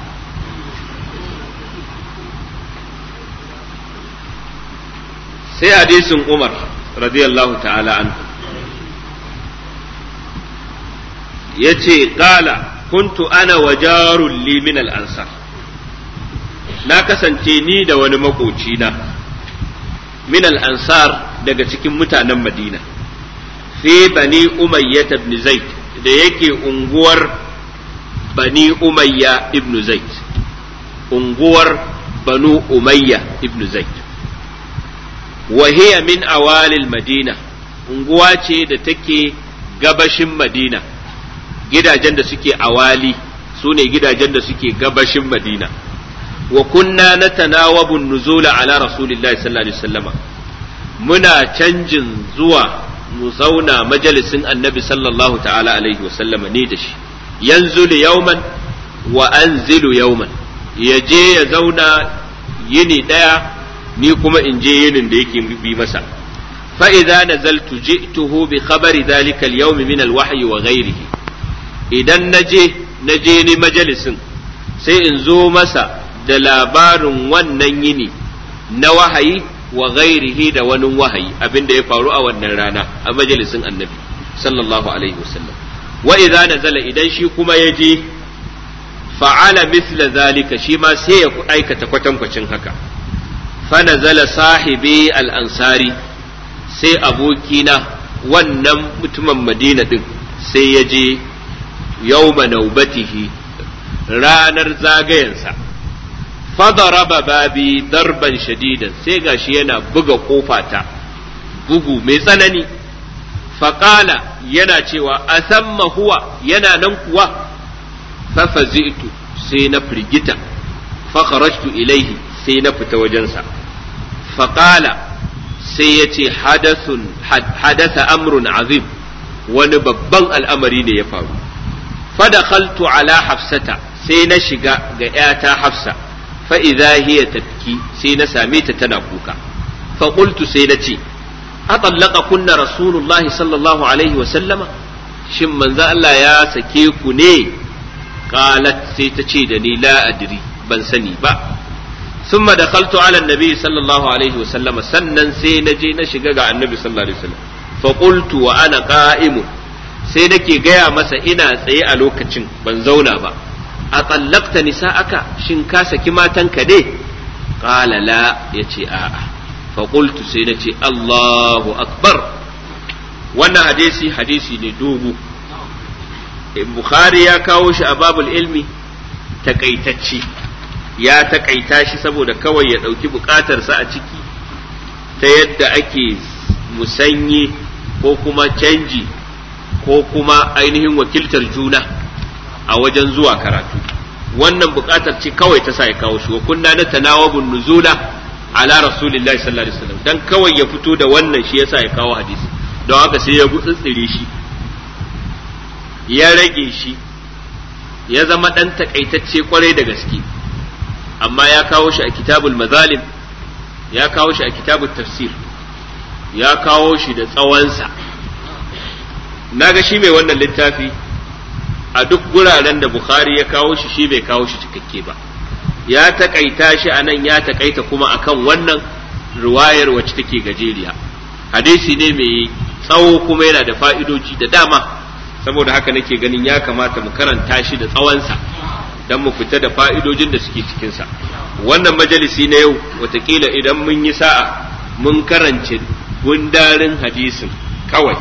sai hadisin umar radiyallahu ta'ala anhu ya ce ƙala kuntu ana wajarun liminal al'ansar na kasance ni da wani na, min al-ansar daga cikin mutanen madina sai bani umayya ibn zaid da yake unguwar bani umayya ibn zaid unguwar banu umayya ibn zaid wa hiya min awalil madina unguwa ce da take gabashin madina gidajen da suke awali su ne gidajen da suke gabashin madina wa kunna natanawabu an-nuzula ala rasulillahi sallallahu alaihi muna canjin zuwa mu zauna majalisin annabi sallallahu ta'ala alaihi wasallama ne da shi yanzu yauman wa anzilu yauman ya je ya zauna yini ɗaya ni kuma in je yinin da yake bi masa fa'iza na zaltu ji'tuhu bi khabari zalika al-yawmi min al-wahyi wa ghairihi idan naje naje ni majalisin sai in zo masa da labarin wannan yini na wahayi wa ghairihi da wani wahayi abinda ya faru a wannan rana a majalisin annabi sallallahu alaihi wasallam wa idza nazala idan shi kuma ya je fa'ala mithla zalika shi ma sai ya aikata kwatankwacin haka fa nazala sahibi al-ansari sai abokina wannan mutumin madina din sai ya je yawma naubatihi ranar zagayansa. fadaraba babi darban shadidan sai gashi yana buga kofata bugu mai tsanani faƙala yana cewa a samma huwa yana nan kuwa fafazitu sai na firgita fakharajtu ilaihi sai na fita wajensa faƙala sai ya ce hadasa amrun azim wani babban al'amari ne ya faru fadakhaltu ala hafsata sai na shiga ga ‘yata hafsa fa idza hiya tabki sai na same ta tana kuka Faƙultu sai na ce atallaka kunna rasulullah sallallahu alaihi wa sallama shin manzo Allah ya sake ku ne qalat sai ta ce da ni la ban sani ba ثم دخلت على النبي صلى الله عليه وسلم sannan sai na je na shiga ga annabi sallallahu alaihi wasallam fa qultu wa ana qa'im sai nake gaya masa ina tsaye a lokacin ban zauna ba a tsallakta nisa'aka shin ka saki matanka ne qala la yace a'a fa qultu sai nace Allahu akbar wannan hadisi hadisi ne dogo eh, Bukhari ya kawo shi a babul ilmi takaitacce ya takaita shi saboda kawai ya ɗauki buƙatarsa a ciki ta yadda ake musanye ko kuma canji ko kuma ainihin wakiltar juna a wajen zuwa karatu wannan buƙatar ce kawai ta sa ya kawo shi wa kunna na tanawabun nuzula ala rasulillahi sallallahu alaihi wasallam dan kawai ya fito da wannan shi yasa ya kawo hadisi don haka sai ya gutsitsire shi ya rage shi ya zama dan takaitacce kwarai da gaske amma ya kawo shi a kitabul mazalim ya kawo shi a kitabul tafsir ya kawo shi da tsawonsa na ga shi mai wannan littafi a duk guraren da bukhari ya kawo shi shi bai kawo shi cikakke ba ya takaita shi a nan ya takaita kuma akan wannan riwayar wacce take gajeriya hadisi ne mai tsawo kuma yana da fa'idoji da dama saboda haka nake ganin ya kamata mu karanta shi da tsawonsa don mu fita da fa'idojin da suke cikinsa wannan majalisi na yau watakila idan mun yi sa'a mun karance gundarin hadisin kawai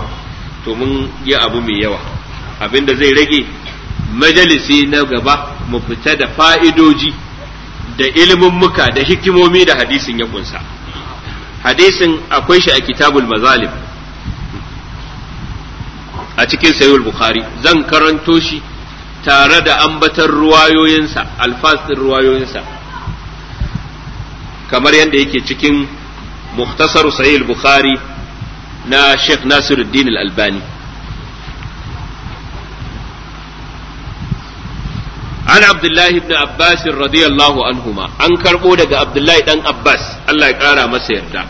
to mun yi abu mai yawa abinda zai rage majalisi na gaba mu fita da fa'idoji da ilimin muka da hikimomi da hadisin ya kunsa hadisin akwai shi a kitabul mazalim a cikin sayul bukhari zan karanto shi tare da ambatar ruwayoyinsa alfasin ruwayoyinsa kamar yadda yake cikin muhtasar sayul bukhari na sheikh nasiruddin al-albani an abdullahi ibn abbas radiyallahu anhuma an karbo daga abdullahi dan abbas Allah ya kara masa yarda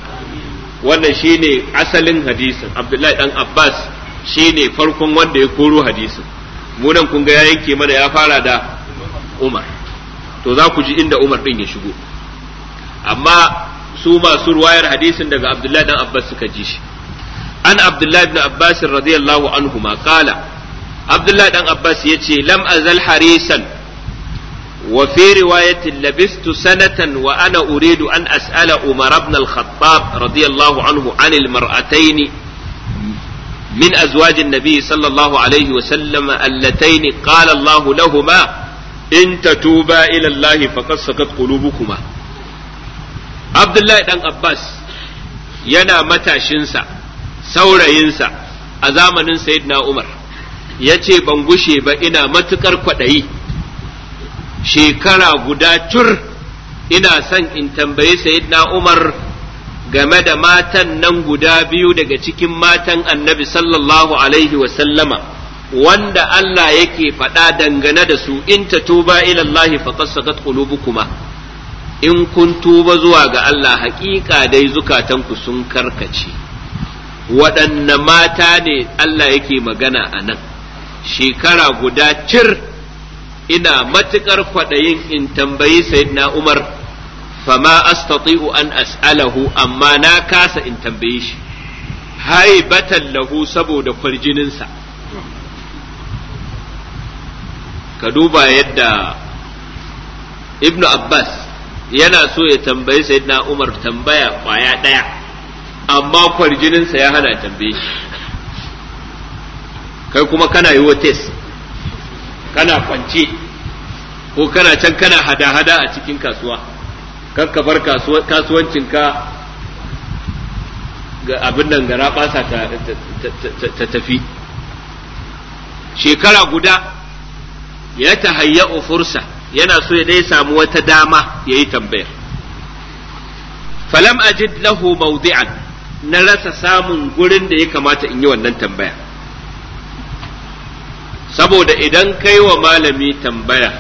wannan shine asalin hadisin abdullahi dan abbas shine farkon wanda ya koro hadisin mu nan kun ga ya yanke mana ya fara da umar to za ku ji inda umar din ya shigo amma su masu ruwayar hadisin daga abdullahi dan abbas suka ji shi an abdullahi ibn abbas radiyallahu anhu ma qala abdullahi dan abbas yace lam azal harisan wa fi riwayatin labistu sanatan wa ana uridu an as'ala Umar ibn al radiyallahu anhu anil mar'ataini min azwajin nabi sallallahu alaihi wa sallam allataini qala Allah in tatuba ila Allah faqad sakat Abdullahi dan Abbas yana matashinsa saurayinsa a zamanin Sayyidina Umar ya ce ban gushe ba ina matukar kwaɗayi shekara guda tur ina son in tambayi sayyidina Umar game da matan nan guda biyu daga cikin matan annabi sallallahu alaihi wasallama wanda Allah yake faɗa dangane da su in ta tuba ilallahi faqad sagat qulubukuma in kun tuba zuwa ga Allah haƙiƙa dai zukatanku sun karkace waɗanne mata ne Allah yake magana a nan shekara guda cir ina matukar kwaɗayin in tambayi sayyidina Umar fama astati'u an as'alahu amma na kasa in tambaye shi haibatan lahu saboda kwarjininsa ka duba yadda ibnu Abbas yana so ya tambayi sayyidina Umar tambaya kwaya ɗaya amma kwarjininsa ya hana tambaye shi kai kuma kana yi wa test kana kwance ko kana can kana hada-hada a cikin kasuwa kan ka bar kasuwancinka ga abin nan gara basa ta tafi shekara guda ya hayya fursa yana so ya dai samu wata dama ya yi tambayar falam ajid lahu mawdi'an na rasa samun gurin da ya kamata in yi wannan tambaya saboda idan kai wa malami tambaya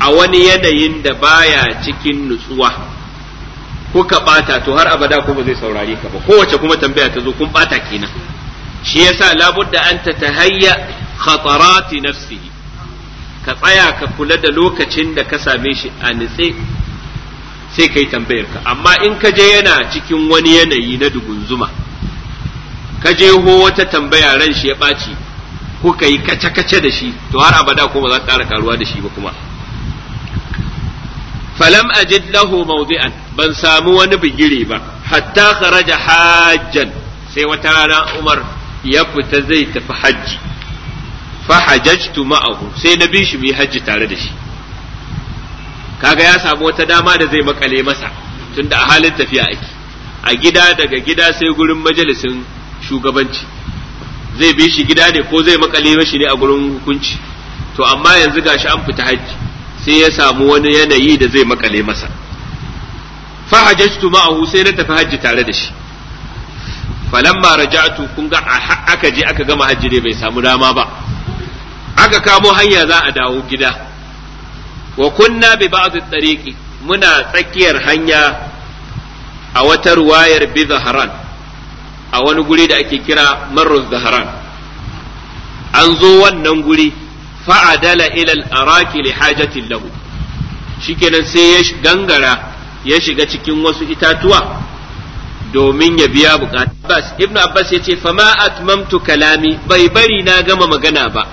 a wani yanayin da baya cikin nutsuwa kuka bata to har abada kuma zai saurare ka ba kowace kuma tambaya ta zo kun bata kenan shi yasa labudda an ta tahayya khatarati nafsihi ka tsaya ka kula da lokacin da ka same shi a nitse sai ka tambayar ka amma in ka je yana cikin wani yanayi na dugunzuma ka je ho wata tambaya ran shi ya ɓaci kuka yi kace-kace da shi to har abada kuma za ka ƙara karuwa da shi ba kuma falam ajid lahu mawdi'an ban samu wani bigire ba hatta kharaja hajjan sai wata rana Umar ya fita zai tafi Haji. fa hajajtu ma'ahu sai na bi shi mu haji tare da shi kaga ya samu wata dama da zai makale masa tunda a halin tafiya ake a gida daga gida sai gurin majalisin shugabanci zai bi shi gida ne ko zai makale mashi ne a gurin hukunci to amma yanzu gashi an fita hajji sai ya samu wani yanayi da zai makale masa fa hajjatu ma'ahu sai na tafi hajji tare da shi falamma raja'tu kun ga aka je aka gama hajji ne bai samu dama ba aka kamo hanya za a dawo gida wa kunna bi ba'd at-tariqi muna tsakiyar hanya a wata ruwayar bi zaharan a wani guri da ake kira marruz zaharan an zo wannan guri fa'adala ilal araki li hajatin lahu shikenan sai ya gangara ya shiga cikin wasu itatuwa domin ya biya bukata bas Ibn Abbas ya ce fama atmamtu kalami bai bari na gama magana ba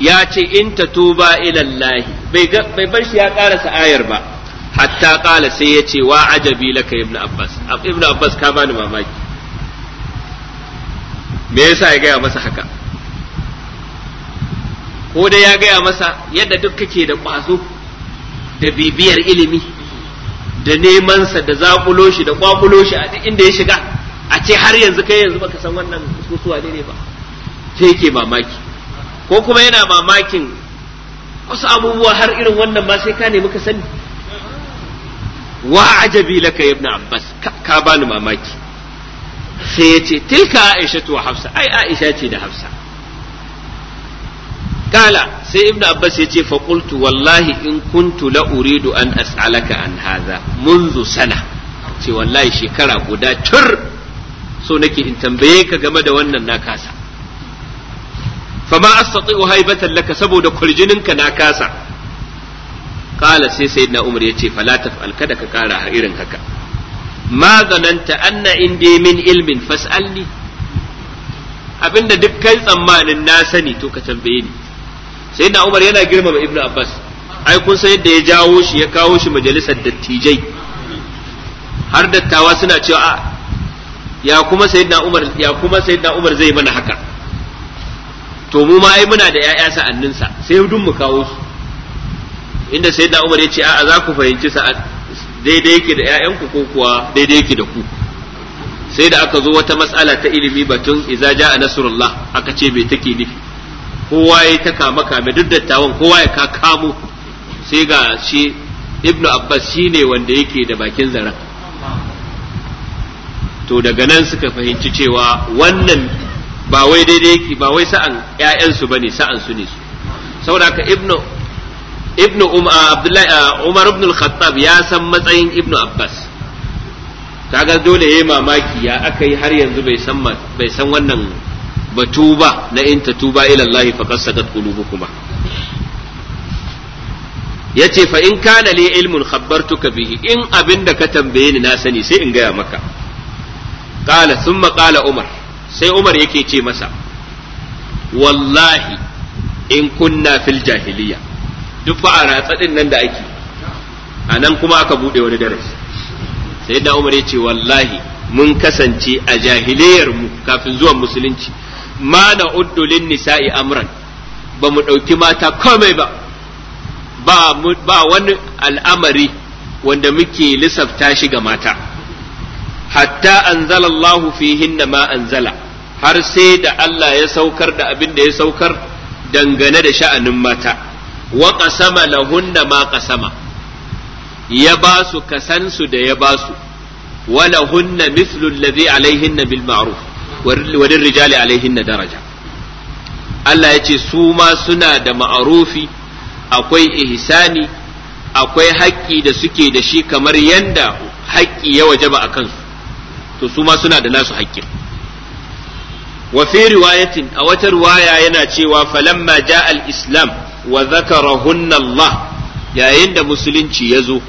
ya ce in ta tuba ilallahi bai bar shi ya karasa ayar ba hatta kala sai ya ce wa ajabi laka ibnu Abbas ibnu Abbas ka bani mamaki me yasa ya gaya masa haka ko dai ya gaya masa yadda duk kake da kwazo da bibiyar ilimi da neman sa da zakulo shi da kwakulo shi a duk inda ya shiga a ce har yanzu kai yanzu baka san wannan kusuwa ne ba sai yake mamaki ko kuma yana mamakin wasu abubuwa har irin wannan ba sai ka nemi ka sani wa ajabi laka ibn abbas ka bani mamaki sai ya ce tilka aisha wa hafsa ai aisha ce da hafsa kala sai ibn abbas ya ce fa qultu wallahi in kuntu la uridu an as'alaka an hadha منذ sana ce wallahi shekara guda tur so nake in tambaye ka game da wannan na kasa Fa ma astati'u haibatan laka saboda ka na kasa kala sai sayyidina umar ya ce fala taf'al kada ka kara irin haka ma zananta anna indi min ilmin fas'alni abinda duk kai tsammanin na sani to ka tambaye ni sai Umar yana girmama Ibn Abbas ai kun san yadda ya jawo shi ya kawo shi majalisar dattijai har dattawa suna cewa a ya kuma sayyidina Umar zai mana haka to mu ma ai muna da 'ya'ya sa'anninsa sai dun mu kawo su inda sayyidina Umar ya ce a'a za ku fahimci sa'ad daidai yake da 'ya'yanku ko kuwa daidai yake da ku sai da aka zo wata matsala ta ilimi batun iza ja'a nasrullah aka ce bai take nufi kowa ya ta kama kame duk dattawan kowa ya ka kamo sai ga shi ibnu abbas shine wanda yake da bakin zara to daga nan suka fahimci cewa wannan ba wai daidai yake ba wai sa'an ƴaƴansu bane sa'an su ne su saboda ka ibnu ibn um, uh, uh, umar ibn al-khattab ya san matsayin Ibnu abbas kaga dole yayi mamaki ya aka yi har yanzu bai san bai san wannan batu ba na in tatuba ila Allah faqad sadat qulubukuma yace fa in kana li ilmun khabbartuka bihi in abinda ka tambaye ni na sani sai in gaya maka qala thumma qala umar sai umar yake ce masa wallahi in kunna fil jahiliya duk ba a ɗin nan da ake a nan kuma aka buɗe wani darasi sai da umar yace wallahi mun kasance a jahiliyar mu kafin zuwan musulunci ma na uddulin nisa'i amran ba mu ɗauki mata komai ba ba wani al'amari wanda muke lissafta shi ga mata hatta anzalallahu na ma anzala har sai da Allah ya saukar da abin da ya saukar dangane da sha'anin mata wa qasama lahunna ma qasama ya ba su kasansu da ya ba su wa lahunna mithlu alladhi alaihinna bil ma'ruf wa lirrijali alaihinna daraja Allah ya ce su ma suna da ma'arufi akwai ihsani akwai haƙƙi da suke da shi kamar yanda haƙƙi ya wajaba a kansu to su ma suna da nasu haƙƙi. wa fi riwayatin a wata riwaya yana cewa falamma maja al-islam wa zakarahunna Allah yayin da musulunci ya zo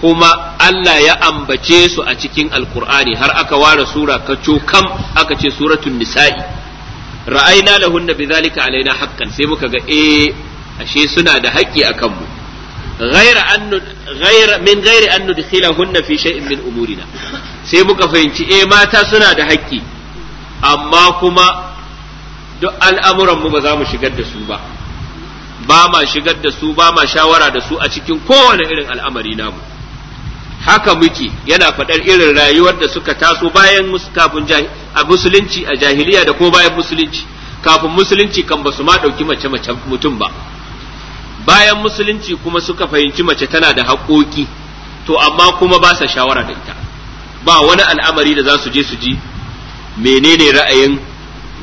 kuma Allah ya ambace su a cikin alkur'ani har aka ware sura ka kam aka ce suratun nisa'i ra'ayna lahunna bidhalika alaina haqqan sai muka ga eh ashe suna da haƙƙi akan mu غير أن غير من غير أن ندخلهن في شيء من sai muka fahimci e mata suna da haƙƙi amma kuma duk al'amuranmu ba za mu shigar da su ba ba ma shigar da su ba ma shawara da su a cikin kowane irin al'amari namu haka muke yana faɗar irin rayuwar da suka taso bayan kafin a musulunci a jahiliya da ko bayan musulunci kafin musulunci kan ba su ma ɗauki mace mace mutum ba bayan musulunci kuma suka fahimci mace tana da haƙoƙi to amma kuma ba sa shawara da ita ba wani al'amari da za su je su ji menene ra'ayin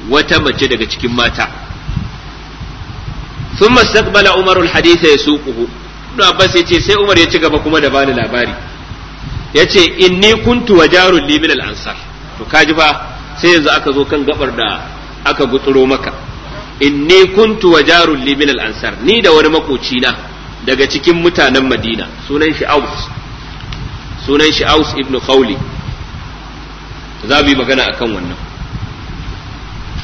wata mace daga cikin mata thumma istaqbala umar alhadith yasuquhu ibn abbas yace sai umar ya ci gaba kuma da bani labari yace inni kuntu wajarul li min al-ansar to kaji fa sai yanzu aka zo kan gaɓar da aka gutsuro maka inni kuntu wajarul li min al-ansar ni da wani makoci daga cikin mutanen Madina sunan Shiaus, Aus sunan shi Aus ibn Khawli za mu yi magana akan wannan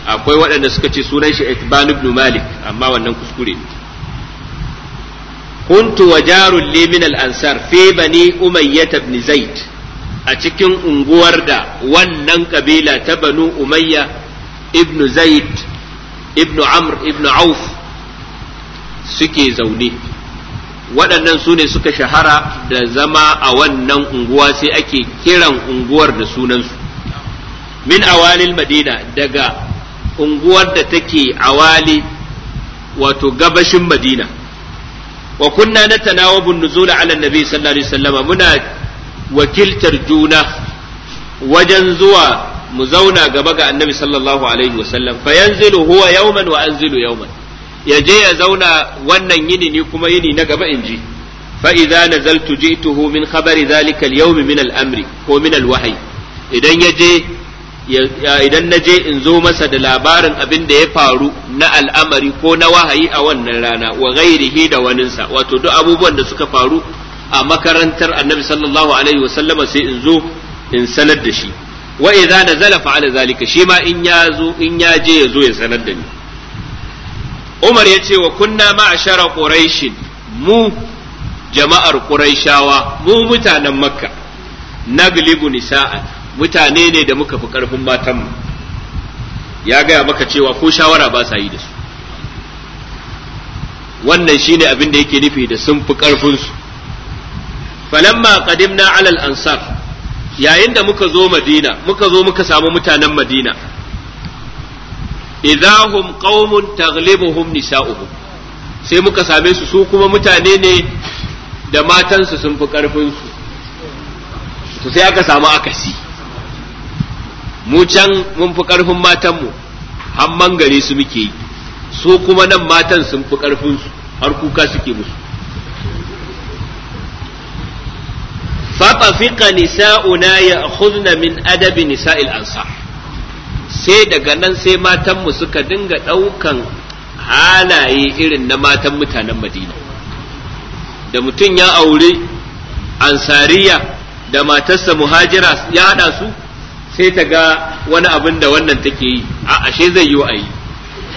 akwai waɗanda suka ce sunan shi Itban ibn Malik amma wannan kuskure ne kuntu wa li min al ansar fi bani umayyah ibn zaid a cikin unguwar da wannan kabila ta banu umayya ibn zaid ibn amr ibn auf suke zaune waɗannan su ne suka shahara da zama a wannan unguwa sai ake kiran unguwar da sunansu min awalil madina daga unguwar da take awali wato gabashin madina wa kunna na tanawabun nuzula ala nabi sallallahu alaihi muna wakiltar juna wajen zuwa mu zauna gaba ga annabi sallallahu alaihi wasallam fa yanzilu huwa yawman wa anzilu yawman ya je ya zauna wannan yini ni kuma yini na gaba in ji fa idza nazaltu ji'tuhu min khabari dhalika al-yawm min al-amri ko min al-wahyi idan ya je idan na je in zo masa da labarin abin da ya faru na al'amari ko na wahayi a wannan rana wa gairihi da waninsa wato duk abubuwan da suka faru a makarantar annabi sallallahu alaihi wasallama sai in zo in sanar da shi wa idza nazala fa'ala zalika shi ma in ya zo in ya je ya zo ya sanar da ni Umar ya ce wa kunna ma'ashara Quraish mu jama'ar Quraishawa mu mutanen Makka naglibu nisa'an mutane ne da muka fi ƙarfin matanmu ya gaya maka cewa ko shawara ba sa yi da su wannan shi ne abin da yake nufi da sun fi ƙarfinsu falamma qadimna alal ansar yayin da muka zo madina muka zo muka samu mutanen madina idahum qaumun taghlibuhum nisa'uhum sai muka same su su kuma mutane ne da matansu sun fi ƙarfinsu to sai aka samu akasi mu can mun fi ƙarfin matanmu an gare su muke yi su kuma nan matan sun fi ƙarfinsu su har kuka suke musu fatafiqa nisa'una huzna min adabi nisa'il ansar sai daga nan sai matanmu suka dinga ɗaukan halaye irin na matan mutanen madina da mutum ya aure ansariya da matarsa muhajira ya haɗa su sai ta ga wani abin da wannan take yi a ashe zai yi wa'ayi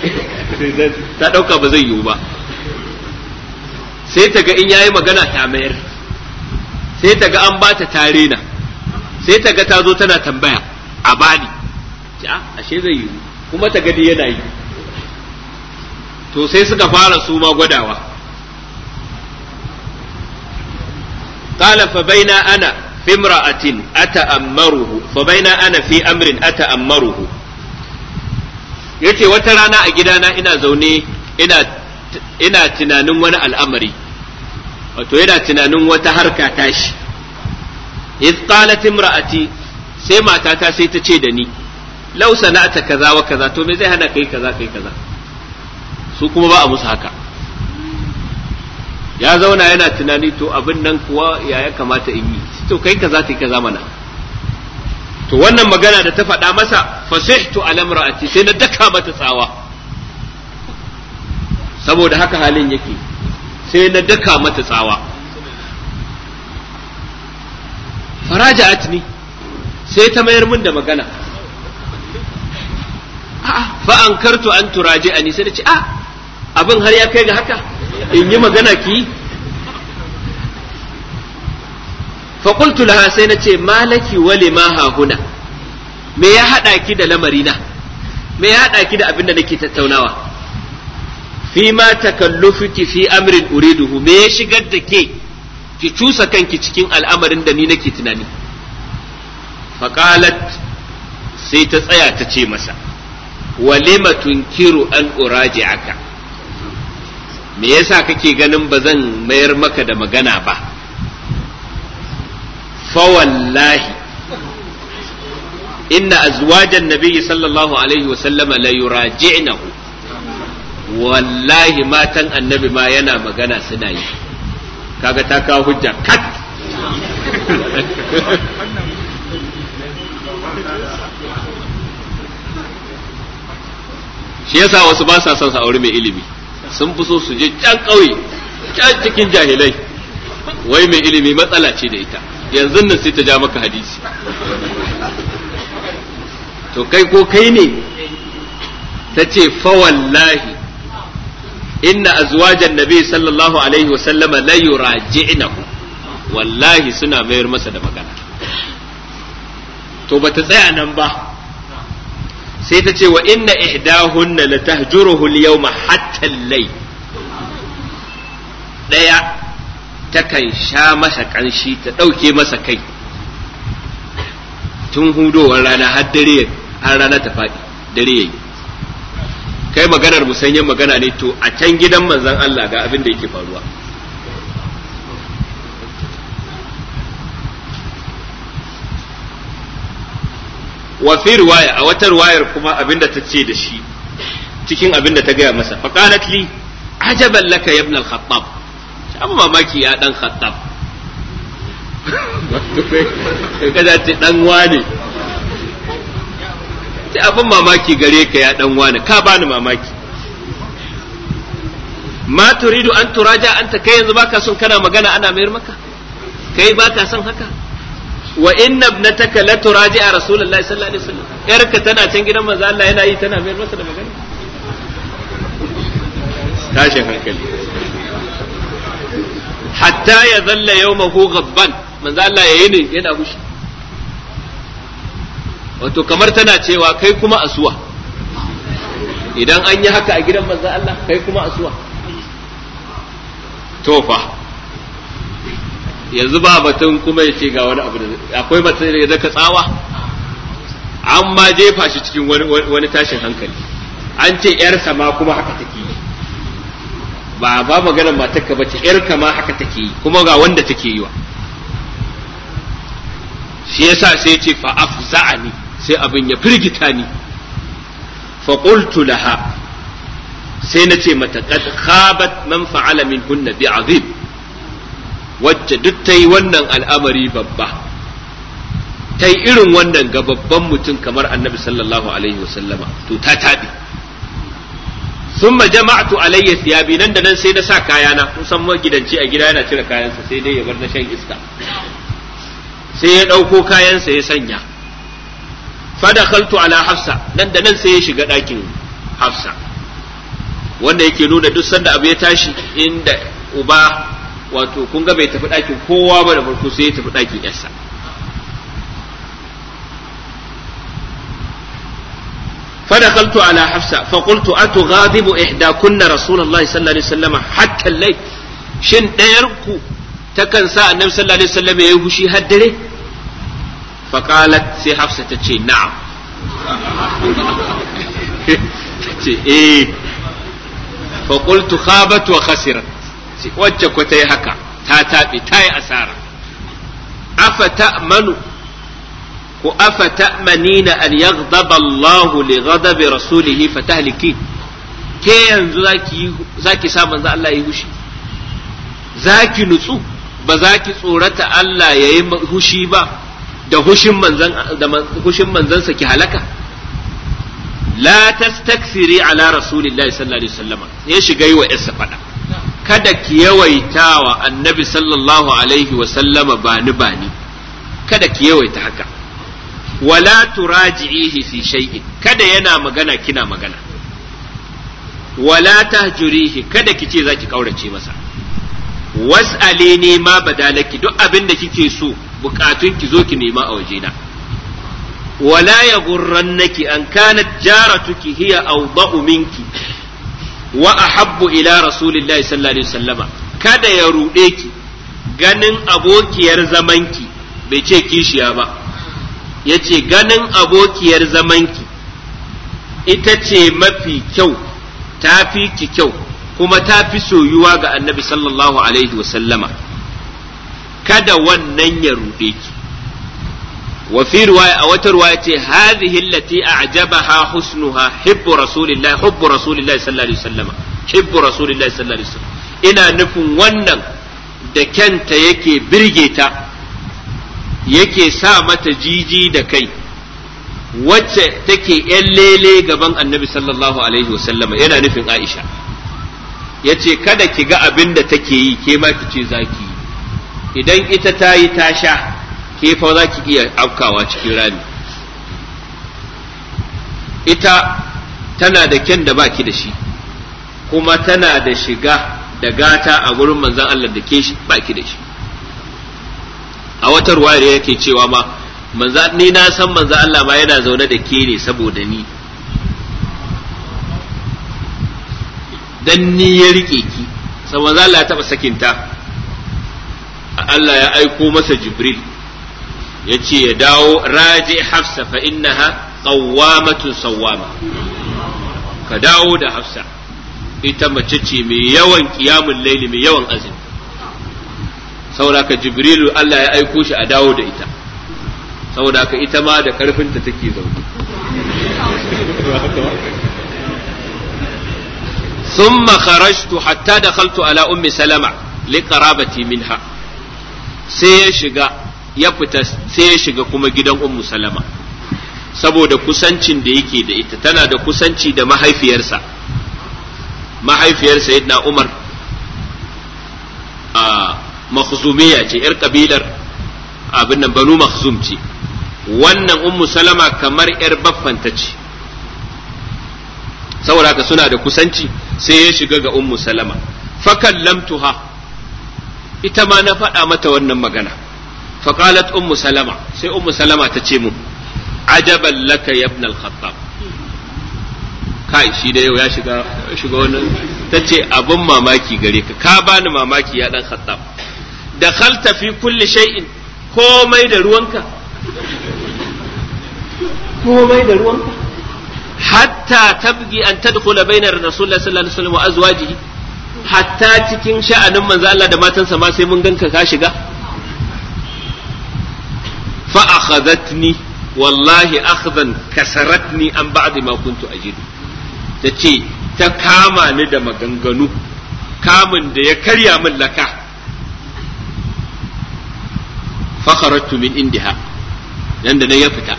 (laughs) ta ɗauka ba zai yi ba sai ta ga in yayi magana ta mayar sai ta ga an ba ta tare na sai ta ga ta zo tana tambaya a bani a ashe zai yi kuma ta gadi yana yi to sai suka fara su ma gwadawa قال فبين أنا bimra'atin ata'ammaruhu fa baina ana fi amrin ata'ammaruhu yace wata rana a gidana ina zaune ina ina tunanin wani al'amari wato yana tunanin wata harka tashi iz qalat imra'ati sai matata sai ta ce da ni na sana'ata kaza wa kaza to me zai hana kai kaza kai kaza su kuma ba a musu haka ya zauna yana tunani to abin nan kuwa ya ya kamata in yi to kai za ta kaza mana to wannan magana da ta faɗa masa fasihtu ala imra'ati sai na daka mata tsawa saboda haka halin yake sai na daka mata tsawa faraja'at ni sai ta mayar min da magana fa an an turaji ani sai da ce a ah, abin har ya kai ga haka in yi magana ki faƙultu laha sai na ce malaki wale ma hahuna me ya haɗa ki da lamarina me ya haɗa ki da abin da nake tattaunawa fi ma takallufuki fi amrin uriduhu me ya shigar da ke ki cusa kanki cikin al'amarin da ni nake tunani faƙalat sai ta tsaya ta ce masa walima tunkiru an uraji aka me yasa kake ganin ba zan mayar maka da magana ba fawallahi inna azwajan nabiyyi sallallahu alaihi wa sallama la yuraji'nahu wallahi matan annabi ma yana magana suna yi kaga ta kawo hujja kat shi yasa wasu ba sa son sa aure mai ilimi sun fi so su je can ƙauye can cikin jahilai wai mai ilimi matsala ce da ita yanzu nan sai ta ja maka hadisi to kai ko kai ne ta ce fawallahi inna azwajan nabi sallallahu alaihi wa sallama la yuraji'nahu wallahi suna mayar masa da magana to bata tsaya nan ba sai ta ce wa inna ihdahunna la tahjuruhu al-yawma hatta al-lay daya takan sha masa kanshi ta dauke masa kai tun hudowar rana har dare har rana ta faɗi dare yayi kai maganar musanyen magana ne to a can gidan manzon Allah ga abin da yake faruwa wa fi riwaya a wata riwayar kuma abinda ta ce da shi cikin abinda ta gaya masa faqalat li ajaban laka ya ibn al-khattab abu mamaki ya dan khattab kada ce dan wane ce abin mamaki gare ka ya dan wane ka bani mamaki ma turidu an turaja an ta kai yanzu baka son kana magana ana mayar maka kai baka son haka wa inna ibnataka la turaji'a rasulullahi sallallahu alaihi wasallam yarka tana can gidan manzo Allah yana yi tana mayar masa da magana tashin hankali hatta ya zalla yawmahu gabban manzo Allah yayi ne yana hushi wato kamar tana cewa kai kuma asuwa idan an yi haka a gidan manzo Allah kai kuma asuwa tofa yanzu ba batun kuma ya ce ga wani abu da akwai batun da daka tsawa an ma jefa shi cikin wani tashin hankali an ce yarsa ma kuma haka take yi ba ba maganar matarka ba ce yarka ma haka take yi kuma ga wanda take yi wa shi yasa sai ce fa afza'ani sai abin ya firgita ni fa qultu laha sai nace mata qad khabat man fa'ala min hunna bi wacce duk ta yi wannan al'amari babba ta yi irin wannan ga babban mutum kamar annabi sallallahu alaihi wasallama to ta taɓi sun ma jama'atu alayya siyabi nan da nan sai na sa kayana kusan magidanci a gida yana cire kayansa sai dai ya bar na shan iska sai ya ɗauko kayansa ya sanya fadakaltu ala hafsa nan da nan sai ya shiga ɗakin hafsa wanda yake nuna duk sanda abu ya tashi inda uba wato kun ga bai tafi ɗakin kowa ba da farko sai ya tafi ɗakin yarsa فدخلت على حفصة فقلت أتغاضب إحداكن رسول الله صلى الله عليه وسلم حتى الليل شن ديركو تكن ساء النبي صلى الله عليه وسلم يهوشي هدري فقالت سي حفصة تتشي نعم إيه فقلت خابت وخسرت ce wacce ku ta yi haka ta taɓi ta yi asara afata manu ku afa ta'manina an yaghdaba Allahu li ghadabi rasulihi fatahliki ke yanzu za ki sa manzo Allah ya yi hushi ki nutsu ba za ki tsorata Allah ya yi hushi ba da hushin manzansa ki halaka la tastakthiri ala rasulillahi sallallahu alaihi wasallam ya shiga yi wa yarsa fada kada ki yawaita wa annabi sallallahu alaihi wa sallama bani bani kada ki yawaita haka wala turaji'ihi fi shay'in kada yana magana kina magana wala tahjurihi kada ki ce zaki kaurace masa was'ali ne ma badalaki duk abin da kike so bukatun ki zo ki nema a wajena wala ya gurrannaki an kanat jaratuki hiya awda'u minki wa ahabbu ila rasulillahi sallallahu alaihi wasallama kada ya ruɗe ki ganin abokiyar zamanki bai ce kishiya ba ya ce ganin abokiyar zamanki ita ce mafi kyau ta fi ki kyau kuma ta fi soyuwa ga annabi sallallahu alaihi wasallama kada wannan ya ruɗe ki wa fi riwaya a wata riwaya ce hadhihi allati a'jabaha husnuha hibbu rasulillahi hubbu sallallahu alaihi wasallam hibbu rasulillahi sallallahu alaihi wasallam ina nufin wannan da kyanta yake birge ta yake sa mata jiji da kai wacce take ‘yan lele gaban annabi sallallahu Alaihi wasallama yana nufin Aisha, ya ce, Kada ki ga abin da take yi, ke ma yi, idan ita tayi ta sha, ke fa za ki iya afkawa cikin rami ita tana da kyan da baki da shi kuma tana da shiga da gata a gurin manzan Allah da ke shi baki da shi a wata ruwayar yake cewa ma manzan ni na san manzan Allah ma yana zaune da ke ne saboda ni dan ni ya rike ki sai manzan Allah ya taba sakinta Allah ya aiko masa Jibril yace ya dawo raji hafsa fa innaha qawwamatu sawwama ka dawo da hafsa ita mace ce mai yawan kiyamun laili mai yawan azumi saboda jibrilu Allah ya aiko shi a dawo da ita saboda ka ita ma da karfinta take zaune ثم خرجت حتى دخلت على أم سلمة لقرابتي منها sai ya shiga ya fita sai ya shiga kuma gidan ummu salama saboda kusancin da yake da ita tana da kusanci da mahaifiyarsa mahaifiyarsa sayyidina umar a makhzumiyya ce yar kabilar abin nan banu makhzum ce wannan ummu salama kamar yar baffanta ce saboda haka suna da kusanci sai ya shiga ga ummu salama fakallamtuha ita ma na faɗa mata wannan magana faqalat ummu salama sai ummu salama ta ce mu ajaban laka ya ibn al kai shi da yau ya shiga shiga wannan tace abun mamaki gare ka ka bani mamaki ya dan khattab dakhalta fi kulli shay'in komai da ruwanka komai da ruwanka hatta tabgi an tadkhula bainar rasulullah sallallahu alaihi wasallam wa azwajihi hatta cikin sha'anin manzo Allah da matansa ma sai mun ganka ka shiga fa akhadatni wallahi akhdan kasaratni an ba'di ma kuntu ajidu tace ta kama ni da maganganu kamun da ya karya min laka fa kharajtu min nan da ya fita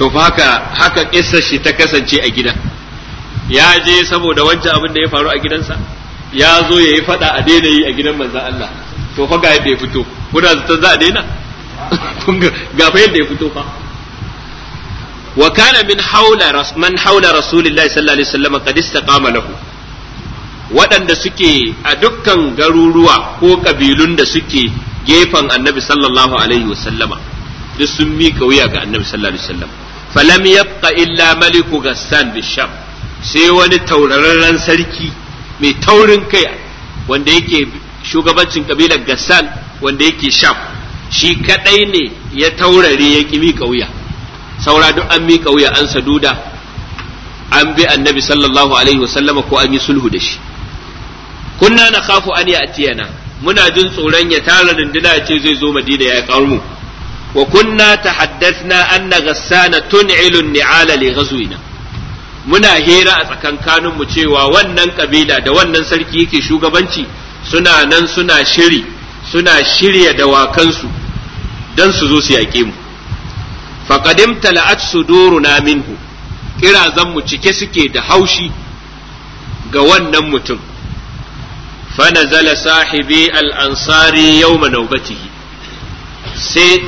to haka haka kissar shi ta kasance a gida. ya je saboda wancan abin da ya faru a gidansa ya zo ya yi fada a daina yi a gidan manzon Allah to fa ga yadda ya fito kuna zaton za a daina ga fa yadda ya fito fa wa kana min haula man haula rasulillahi sallallahu alaihi wasallam qad istaqama lahu waɗanda suke a dukkan garuruwa ko kabilun da suke gefen annabi sallallahu alaihi wasallama duk sun miƙa wuya ga annabi sallallahu alaihi wasallam falam yabqa illa maliku gassan bisham sai wani taurarren sarki mai taurin kai wanda yake shugabancin kabilar gassan wanda yake sham shi kadai ne ya taurare ya miƙa wuya saura duk an miƙa wuya an saduda an bi annabi sallallahu alaihi wasallama ko an yi sulhu da shi kunna na kafu an ya atiyana muna jin tsoron ya tara dindina ya ce zai zo madina ya kawo mu wa kunna na anna ghassana ne ni'ala li ghazwina muna hira a kanun mu cewa wannan kabila da wannan sarki yake shugabanci suna nan suna shiri suna shirya dawakansu don su zo su yaƙe mu faqadim tala'at na minhu kirazan mu cike suke da haushi ga wannan mutum fanazala sahibi al-ansari yawma nawbatihi sai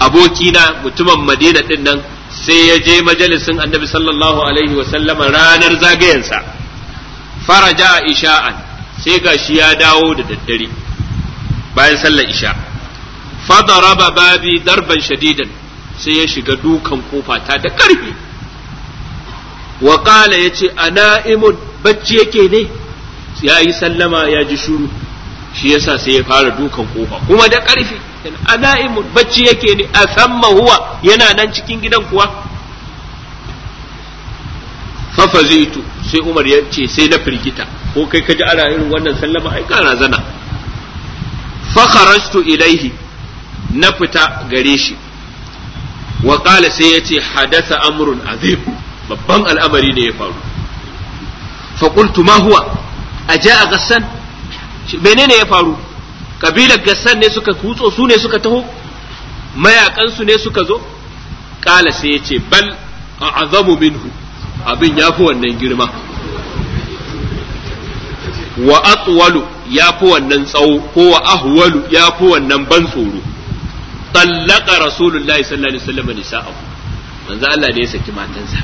abokina mutumin madina din nan sai ya je majalisin annabi sallallahu alaihi wa ranar zagayensa faraja isha'an sai ga shi ya dawo da daddare bayan sallar isha fadaraba babi darban shadidan sai ya shiga dukan kofa ta da ƙarfi wa ya yace ana imun bacci yake ne ya yi sallama ya ji shuru shi yasa sai ya fara dukan kofa kuma da ƙarfi ana imun bacci yake ne a samma huwa yana nan cikin gidan kuwa Fafa fafazitu sai umar yace sai na firgita ko kai ka ji ana irin wannan sallama ai kana razana fa kharajtu ilaihi na fita gare shi wa qala sai yace hadatha amrun azim babban al'amari ne ya faru fa qultu ma huwa ajaa gassan menene ya faru kabilar gassan ne suka kutso su ne suka taho mayakansu ne suka zo kala sai yace bal a'azabu minhu abin yafi wannan girma wa atwalu ya fi wannan tsawo ko wa ahwalu ya fi wannan ban tsoro tallaka rasulullahi sallallahu alaihi wasallam nisa'ahu manzo Allah ne ya saki matansa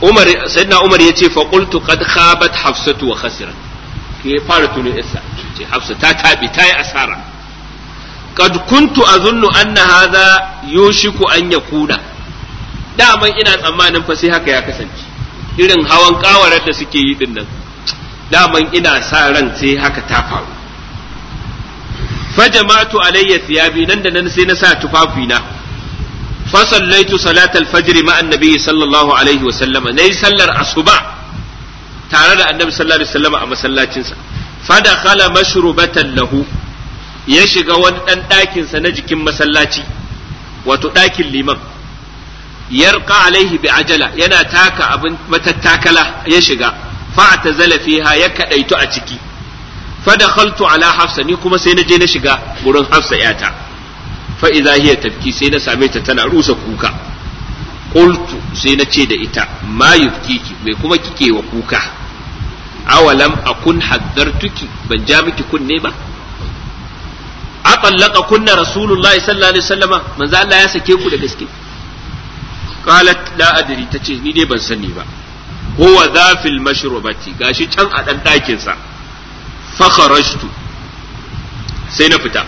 Umar sayyidina Umar yace fa qultu qad khabat hafsatu wa khasirat ke fara tuno isa ce hafsa ta tabi ta yi asara qad kuntu azunnu anna hadha yushiku an yakuna daman ina tsammanin fa sai haka ya kasance irin hawan kawarar da suke yi din nan daman ina sa ran sai haka ta faru fajama'tu alayya thiyabi nan da nan sai na sa tufafina fa sallaitu salatal fajr ma annabi sallallahu alaihi wa sallama nayi sallar asuba tare da annabi sallallahu alaihi sallama a masallacin sa fa dakhala mashrubatan lahu ya shiga wani dan ɗakinsa sa na jikin masallaci wato ɗakin liman yarqa alaihi bi ajala yana taka abin matattakala ya shiga fa tazala fiha ya kadaitu a ciki fa dakhaltu ala hafsa ni kuma sai na je na shiga wurin hafsa yata fa idza hiya sai na same ta tana rusa kuka qultu sai na ce da ita ma yubkiki mai kuma kike wa kuka awalam akun haddartuki ban ja miki kunne ba a kunna rasulullahi sallallahu alaihi wasallama manzo Allah ya sake ku da gaske qalat la adri tace ni dai ban sani ba huwa zafil mashrubati gashi can a dan dakin sa fa sai na fita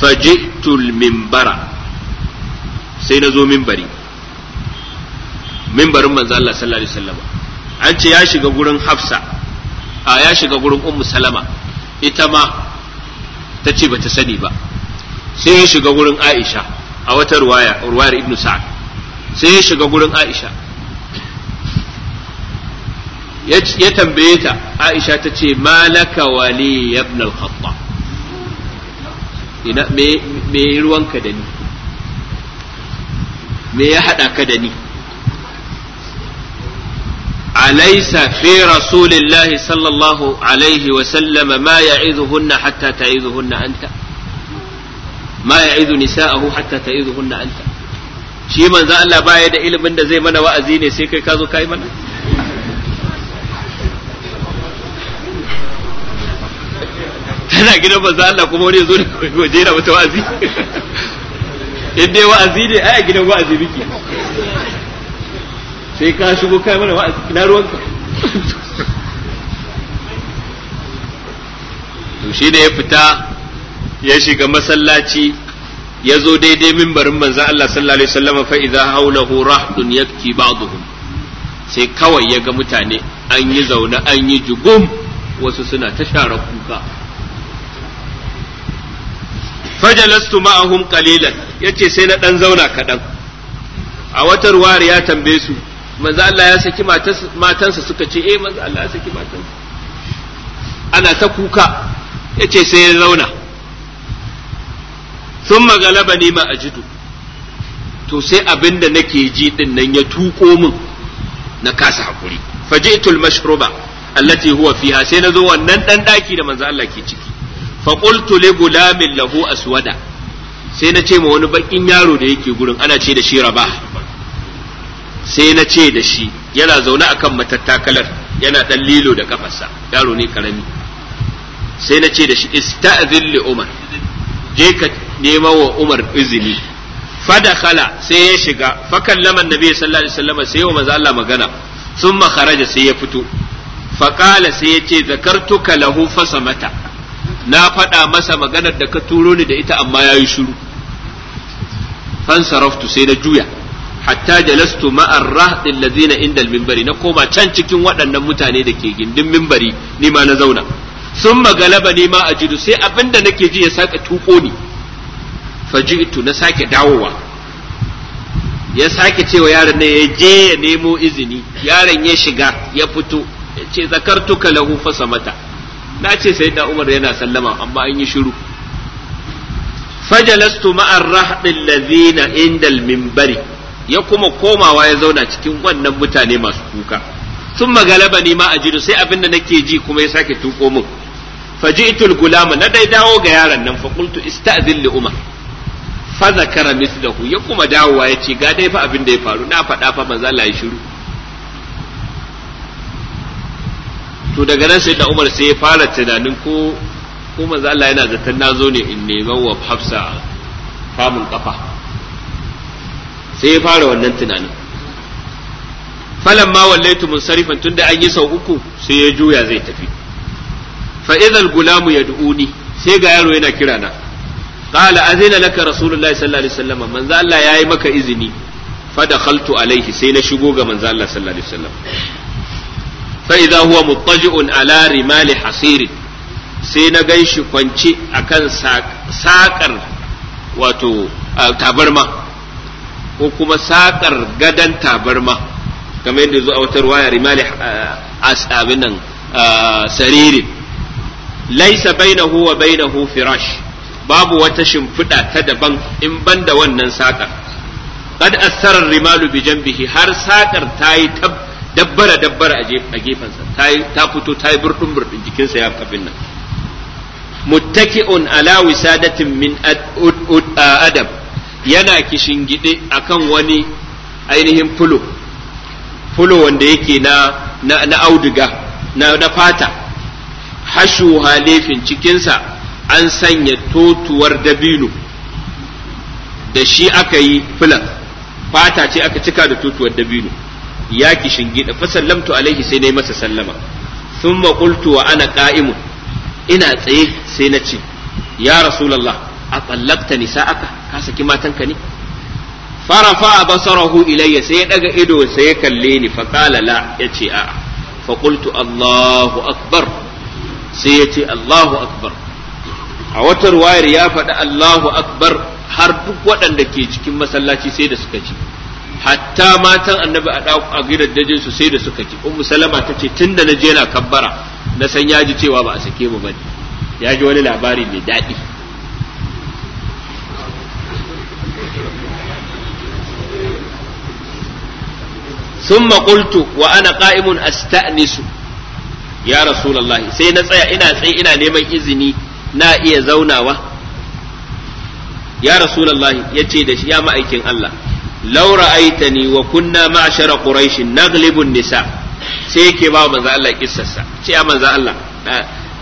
fajitul sai na zo minbari minbarin manzo Allah sallallahu alaihi an ce ya shiga Hafsa a ya shiga gurin Ummu Salama ita ma ta ce bata sani ba sai ya shiga gurin Aisha a wata ruwaya ruwayar ibn sa'ad sai ya shiga gurin aisha ya tambaye ta aisha ta ce malaka wali ibn al-khattab ina me me ruwanka da ni me ya hada ka da ni أليس في رسول الله صلى الله عليه وسلم ما يعظهن حتى تعظهن أنت؟ ma ya'idu nisa'ahu hatta ta ta'izuhunna anta shi manzo Allah baya da ilimin da zai mana wa'azi ne sai kai ka zo kai mana tana gidan manzo Allah kuma wani zo ne waje na mata wa'azi in dai wa'azi ne ai gidan wa'azi biki sai ka shigo kai mana wa'azi na ruwanka to shi ne ya fita ya shiga masallaci ya zo daidai mimbarin manzon Allah sallallahu alaihi wasallam fa idza haulahu rahdun yabki ba'dhum sai kawai ya ga mutane an yi zaune an yi jugum wasu suna ta share kuka fajalastu ma'ahum qalilan yace sai na dan zauna kadan a wata ruwari ya tambaye su manzo Allah ya saki matansa suka ce eh manzo Allah ya saki matansa ana ta kuka yace sai ya zauna sun magalaba ne ma ajidu to sai abin da nake ji din nan ya tuko min na kasa hakuri faji'tul mashruba allati huwa fiha sai nazo wannan dan daki da manzo Allah ke ciki fa qultu li gulamin lahu aswada sai na ce ma wani bakin yaro da yake gurin ana ce da shi raba sai na ce da shi yana zaune akan matattakalar yana dan lilo da kafarsa yaro ne karami sai na ce da shi ista'zin li umar je ka nema wa Umar izini fadakhala sai ya shiga fa kallama annabi sallallahu alaihi wasallam sai wa manzo Allah magana thumma kharaja sai ya fito fa qala sai ya ce zakartuka lahu fasamata na faɗa masa maganar da ka turo ni da ita amma yayi shiru fansaraftu sai na juya hatta jalastu ma'ar rahd alladhina inda al-minbari na koma can cikin waɗannan mutane da ke gindin mimbari ni ma na zauna sun magalaba ne ma a jidu sai abinda da nake ji ya saka tuƙo ni faji'tu na sake dawowa ya sake cewa yaron ne ya je ya nemo izini yaron ya shiga ya fito ya ce zakartuka lahu samata na ce sai da Umar yana sallama amma an yi shiru fajalastu ma'ar rahdin ladina indal minbari ya kuma komawa ya zauna cikin wannan mutane masu kuka sun magalaba ni ma a jiru sai abin da nake ji kuma ya sake tuko min faji'tul gulama na dai dawo ga yaron nan fa qultu istazil li umar fa zakara mislahu ya kuma dawowa ya ce ga dai fa abin da ya faru na faɗa fa manzo Allah ya shiru to daga nan sai da Umar sai ya fara tunanin ko ko manzo Allah yana zaton na zo ne in neman wa Hafsa kamun kafa sai ya fara wannan tunanin falamma wallaitu munsarifan tunda an yi sau uku sai ya juya zai tafi fa idhal gulamu yad'uni sai ga yaro yana kirana qala azina laka rasulullahi sallallahu alaihi wasallam manzo Allah yayi maka izini fa dakhaltu alaihi sai na shigo ga manzo sallallahu alaihi wasallam fa idza huwa muttaji'un ala rimali hasirin sai na gan shi kwance akan saƙar wato tabarma ko kuma saƙar gadon tabarma game da zo a wata ruwaya rimali abin nan saririn laisa bainahu wa bainahu firash babu wata shimfiɗa ta daban in banda wannan saƙar kad assarar rimalu bi janbihi har saƙar ta yi dabbara dabbara a gefensa ta fito ta yi burdun burdun jikinsa ya kafin nan muttaki'un ala wisadatin min adab yana kishin gide akan wani ainihin fulo fulo wanda yake na na auduga na fata hashu halifin cikinsa an sanya totuwar dabino da shi aka yi filan fata ce aka cika da totuwar dabino ya ki shingida fa sallamtu alaihi sai na yi masa sallama thumma qultu wa ana qa'imun ina tsaye sai na ce ya rasulullah a tsallakta nisa'aka ka saki matanka ne farafa basarahu ilayya sai ya daga ido sai ya kalle ni fa qala la yace a'a fa qultu allahu akbar sai yace allahu akbar a wata ruwayar ya faɗi Allahu akbar har duk waɗanda ke cikin masallaci sai da suka ji hatta matan annabi a gidaddajin su sai da suka ji ummu salama ta ce tunda na je na kabbara na san ya ji cewa ba a sake mu bane ya ji wani labari mai daɗi ثم qultu wa ana qa'imun astanisu Ya rasulullahi sai na tsaya ina tsaye ina neman izini na iya zaunawa ya rasulullahi yace da shi ya ma'aikin Allah law ra'aitani wa kunna ma'shara quraish naglibun nisa sai yake ba manzo Allah kissarsa ce ya manzo Allah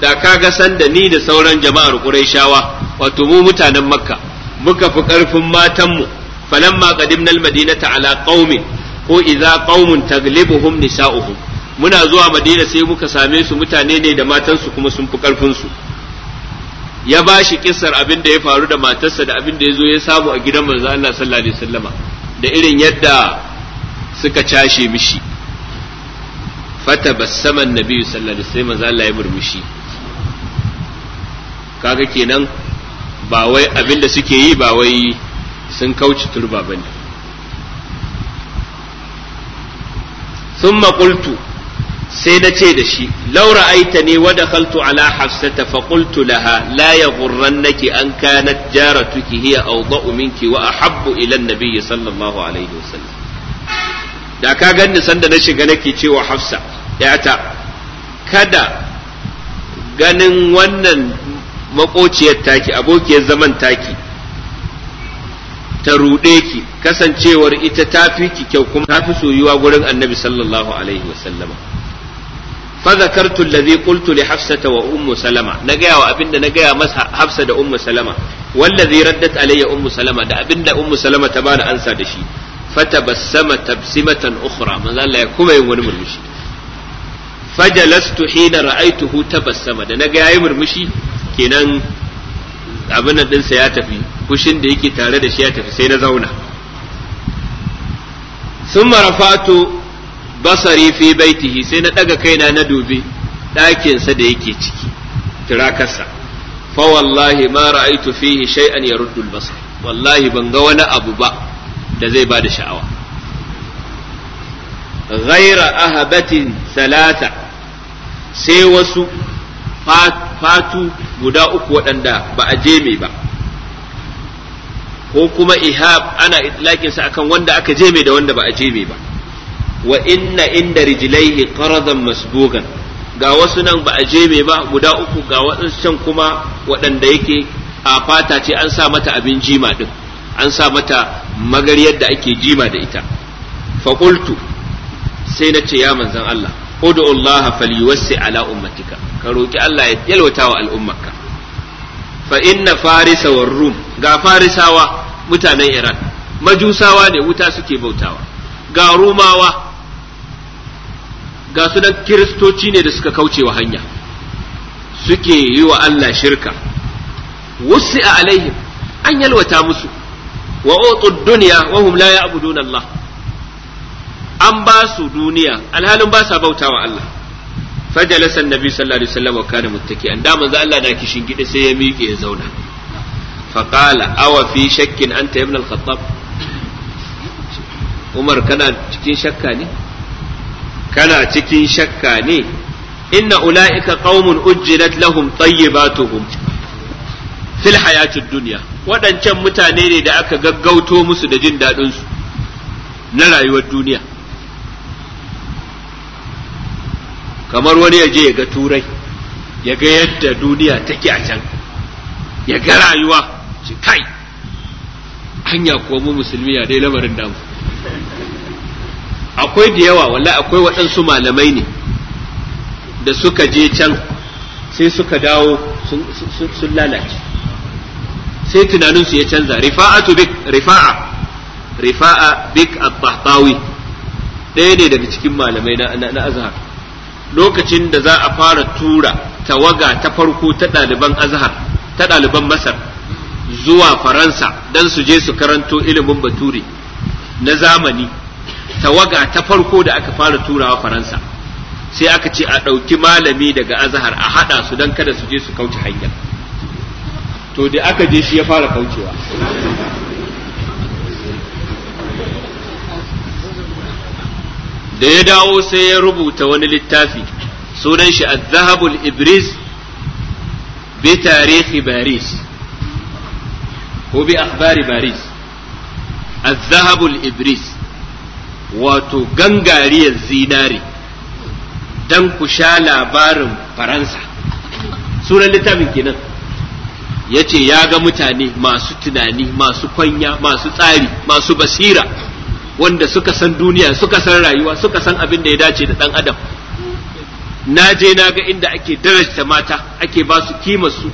da kaga san da ni da sauran jama'ar quraishawa wato mu mutanen makka muka fi karfin matanmu falamma qadimna almadinata ala qaumin ko idza qaumun taglibuhum nisa'uhum muna zuwa madina sai muka same su mutane ne da matansu kuma sun fi karfin su ya ba shi kissar abin da ya faru da matarsa da abin da ya zo ya samu a gidan manzo Allah sallallahu alaihi wasallama da irin yadda suka cashe mishi Fata fatabassama annabi sallallahu alaihi wasallam manzo Allah ya murmushi kaga kenan ba wai abin da suke yi ba wai sun kauce turba bane Sun qultu sai na ce da shi laura aita ne wa dakhaltu ala hafsata fa qultu laha la nake an kanat jaratuki hiya awda'u minki wa ahabbu ila an sallallahu alaihi wasallam da ka ganni sanda na shiga nake cewa hafsa yata kada ganin wannan makociyar taki abokiyar zaman taki ta ruɗe ki kasancewar ita ta fi ki kyau kuma ta fi soyuwa gurin annabi sallallahu alaihi wasallama fa zakartu allazi qultu li hafsata wa ummu salama na gaya wa abinda na gaya masa hafsa da ummu salama wallazi raddat alayya ummu salama da abinda ummu salama ta bani ansa da shi fatabassama tabsimatan ukhra manzo Allah ya kuma yin wani murmushi fajalastu hina ra'aituhu tabassama da na ga yayi murmushi kenan abin ya tafi kushin da yake tare da shi ya tafi sai na zauna thumma rafa'tu basari fi baitihi sai na daga kaina na dubi ɗakinsa da yake ciki tirakarsa fa wallahi ma ra'aitu fihi shay'an yaruddu al-basar wallahi ban ga wani abu ba da zai bada sha'awa ghaira ahabatin salata sai wasu fatu guda uku waɗanda ba a jeme ba ko kuma ihab ana itlaƙinsa akan wanda aka je jeme da wanda ba a je jeme ba wa inna inda rijlaihi qaradan masbugan ga wasu nan ba a je me ba guda uku ga wasu can kuma waɗanda yake a fata ce an sa mata abin jima din an sa mata magaryar da ake jima da ita fa qultu sai na ce ya manzon Allah ud'u Allah falyuwassi ala ummatika ka roki Allah ya yalwata wa al'ummarka fa inna farisa war rum ga farisawa mutanen Iran majusawa ne wuta suke bautawa ga rumawa ga su kiristoci ne da suka kauce wa hanya suke yi wa Allah shirka wasu a alaihim an yalwata musu wa otu duniya wa hum la ya'budun Allah an ba su duniya alhalin ba sa bauta wa Allah fajalasa annabi sallallahu alaihi wasallam wa kana an da manzo Allah na kishin gida sai ya miƙe ya zauna qala awa fi shakkin anta ibn al-khattab Umar kana cikin shakka ne kana cikin shakka ne inna ula'ika qaumun ujjilat lahum tayyibatuhum fil hayatid dunya waɗancan mutane ne da aka gaggauto musu da jin daɗinsu su na rayuwar duniya kamar wani ya je ya ga turai ya ga yadda duniya take a can ya ga rayuwa shi kai hanya ko mu musulmi ya dai lamarin damu akwai da yawa walla akwai waɗansu malamai ne da suka je can sai suka dawo sun lalace sai tunaninsu ya canza rifa'atu bik rifa'a rifa'a bik al tahtawi ɗaya ne daga cikin malamai na azhar lokacin da za a fara tura tawaga ta farko ta ɗaliban azhar ta ɗaliban masar zuwa faransa don su je su karanto ilimin baturi na zamani tawaga ta farko da aka fara turawa faransa sai aka ce a ɗauki malami daga azahar a haɗa su don kada su je su kauce hanya to da aka je shi ya fara kaucewa da ya dawo sai ya rubuta wani littafi sunan shi zahabul ibris bi tarihi baris ko bi akhbari baris zahabul ibris wato gangariyar zinari don ku sha labarin faransa sunan littafin kenan ya ce ya ga mutane masu tunani masu kwanya masu tsari masu basira wanda suka san duniya suka san rayuwa suka san abin da ya dace da ɗan adam na je na ga inda ake darajta mata ake ba su kimarsu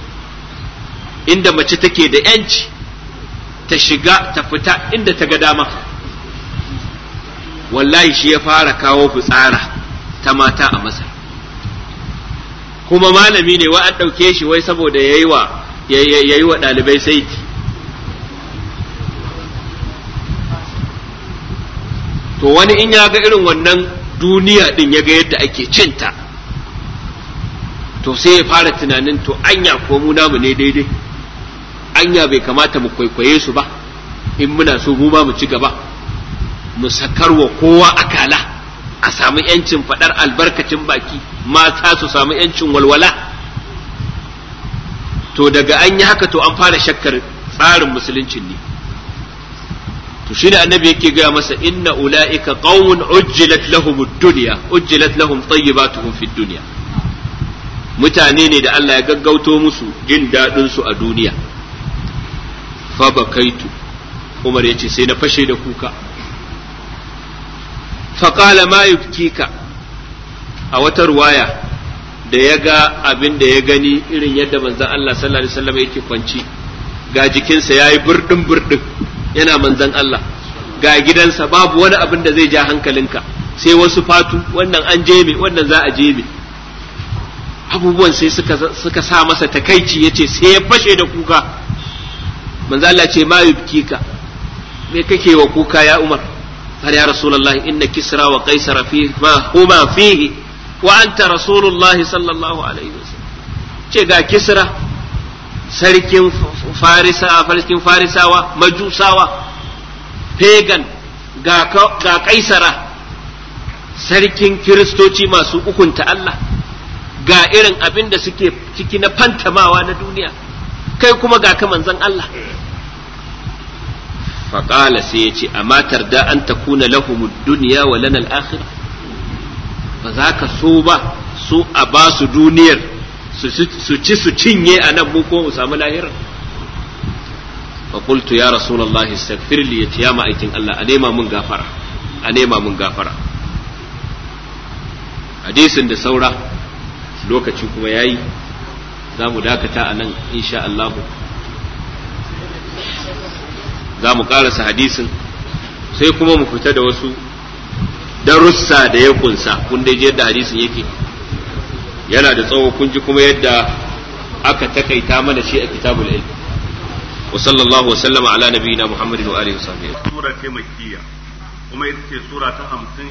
inda mace take da yanci ta shiga ta fita inda ta ga dama wallahi shi ya fara kawo fitsara ta mata a masar kuma malami ne wa an ɗauke shi wai saboda ya yi wa ɗalibai saiti to wani in ya ga irin wannan duniya ɗin ya ga yadda ake cinta to sai ya fara tunanin to anya ko mu namu ne daidai anya bai kamata mu kwaikwaye su ba in muna so mu ma mu ci gaba mu wa kowa akala a samu yancin faɗar albarkacin baki mata su samu yancin walwala to daga an yi haka to an fara shakkar tsarin musuluncin ne to shi da annabi yake gaya masa inna ula'ika qaumun ujjilat lahum ad-dunya ujjilat lahum tayyibatuhum fid dunya mutane ne da Allah ya gaggauto musu jin dadin su a duniya fa bakaitu Umar yace sai na fashe da kuka faƙala ma a wata ruwaya da ya ga abin da ya gani irin yadda manzan Allah sallallahu alaihi wasallam yake kwanci ga jikinsa ya yi burɗin burɗin yana manzan Allah ga gidansa babu wani abin da zai ja hankalinka sai wasu fatu wannan an jeme wannan za a jeme abubuwan sai suka, suka sa masa takaici ya ce sai ya fashe da kuka manzo Allah ce ma yubkika me kake wa kuka ya Umar قال يا رسول الله إن كسرى وقيصر فيه ما هما فيه وأنت رسول الله صلى الله عليه وسلم جاء كسرى sarkin فارسا fariskin فارسا ومجوسا فيغن جاء kaisara sarkin kiristoci masu ukunta Allah ga irin abin da suke ciki na fantamawa na duniya kai kuma ga ka manzan Allah faƙala sai ya ce amma tarda an ta kuna lahumud duniya wa lana al'akhir ba za ka so ba su a ba su duniyar su ci su cinye a nan mu ko mu samu lahirar فقلت يا رسول الله استغفر لي يا ما ايتين الله انيما من غفرة انيما من غفرة hadisin da saura lokaci kuma yayi za mu dakata a nan insha Allah za mu karasa hadisin sai kuma mu fita da wasu darussa da ya kunsa kun dai yadda hadisin yake yana da tsawo kun ji kuma yadda aka takaita mana shi a kitabul ilm wa sallallahu wa sallama ala nabiyina muhammadin wa alihi wa sahbihi sura ta makkiya kuma ita ce sura ta 50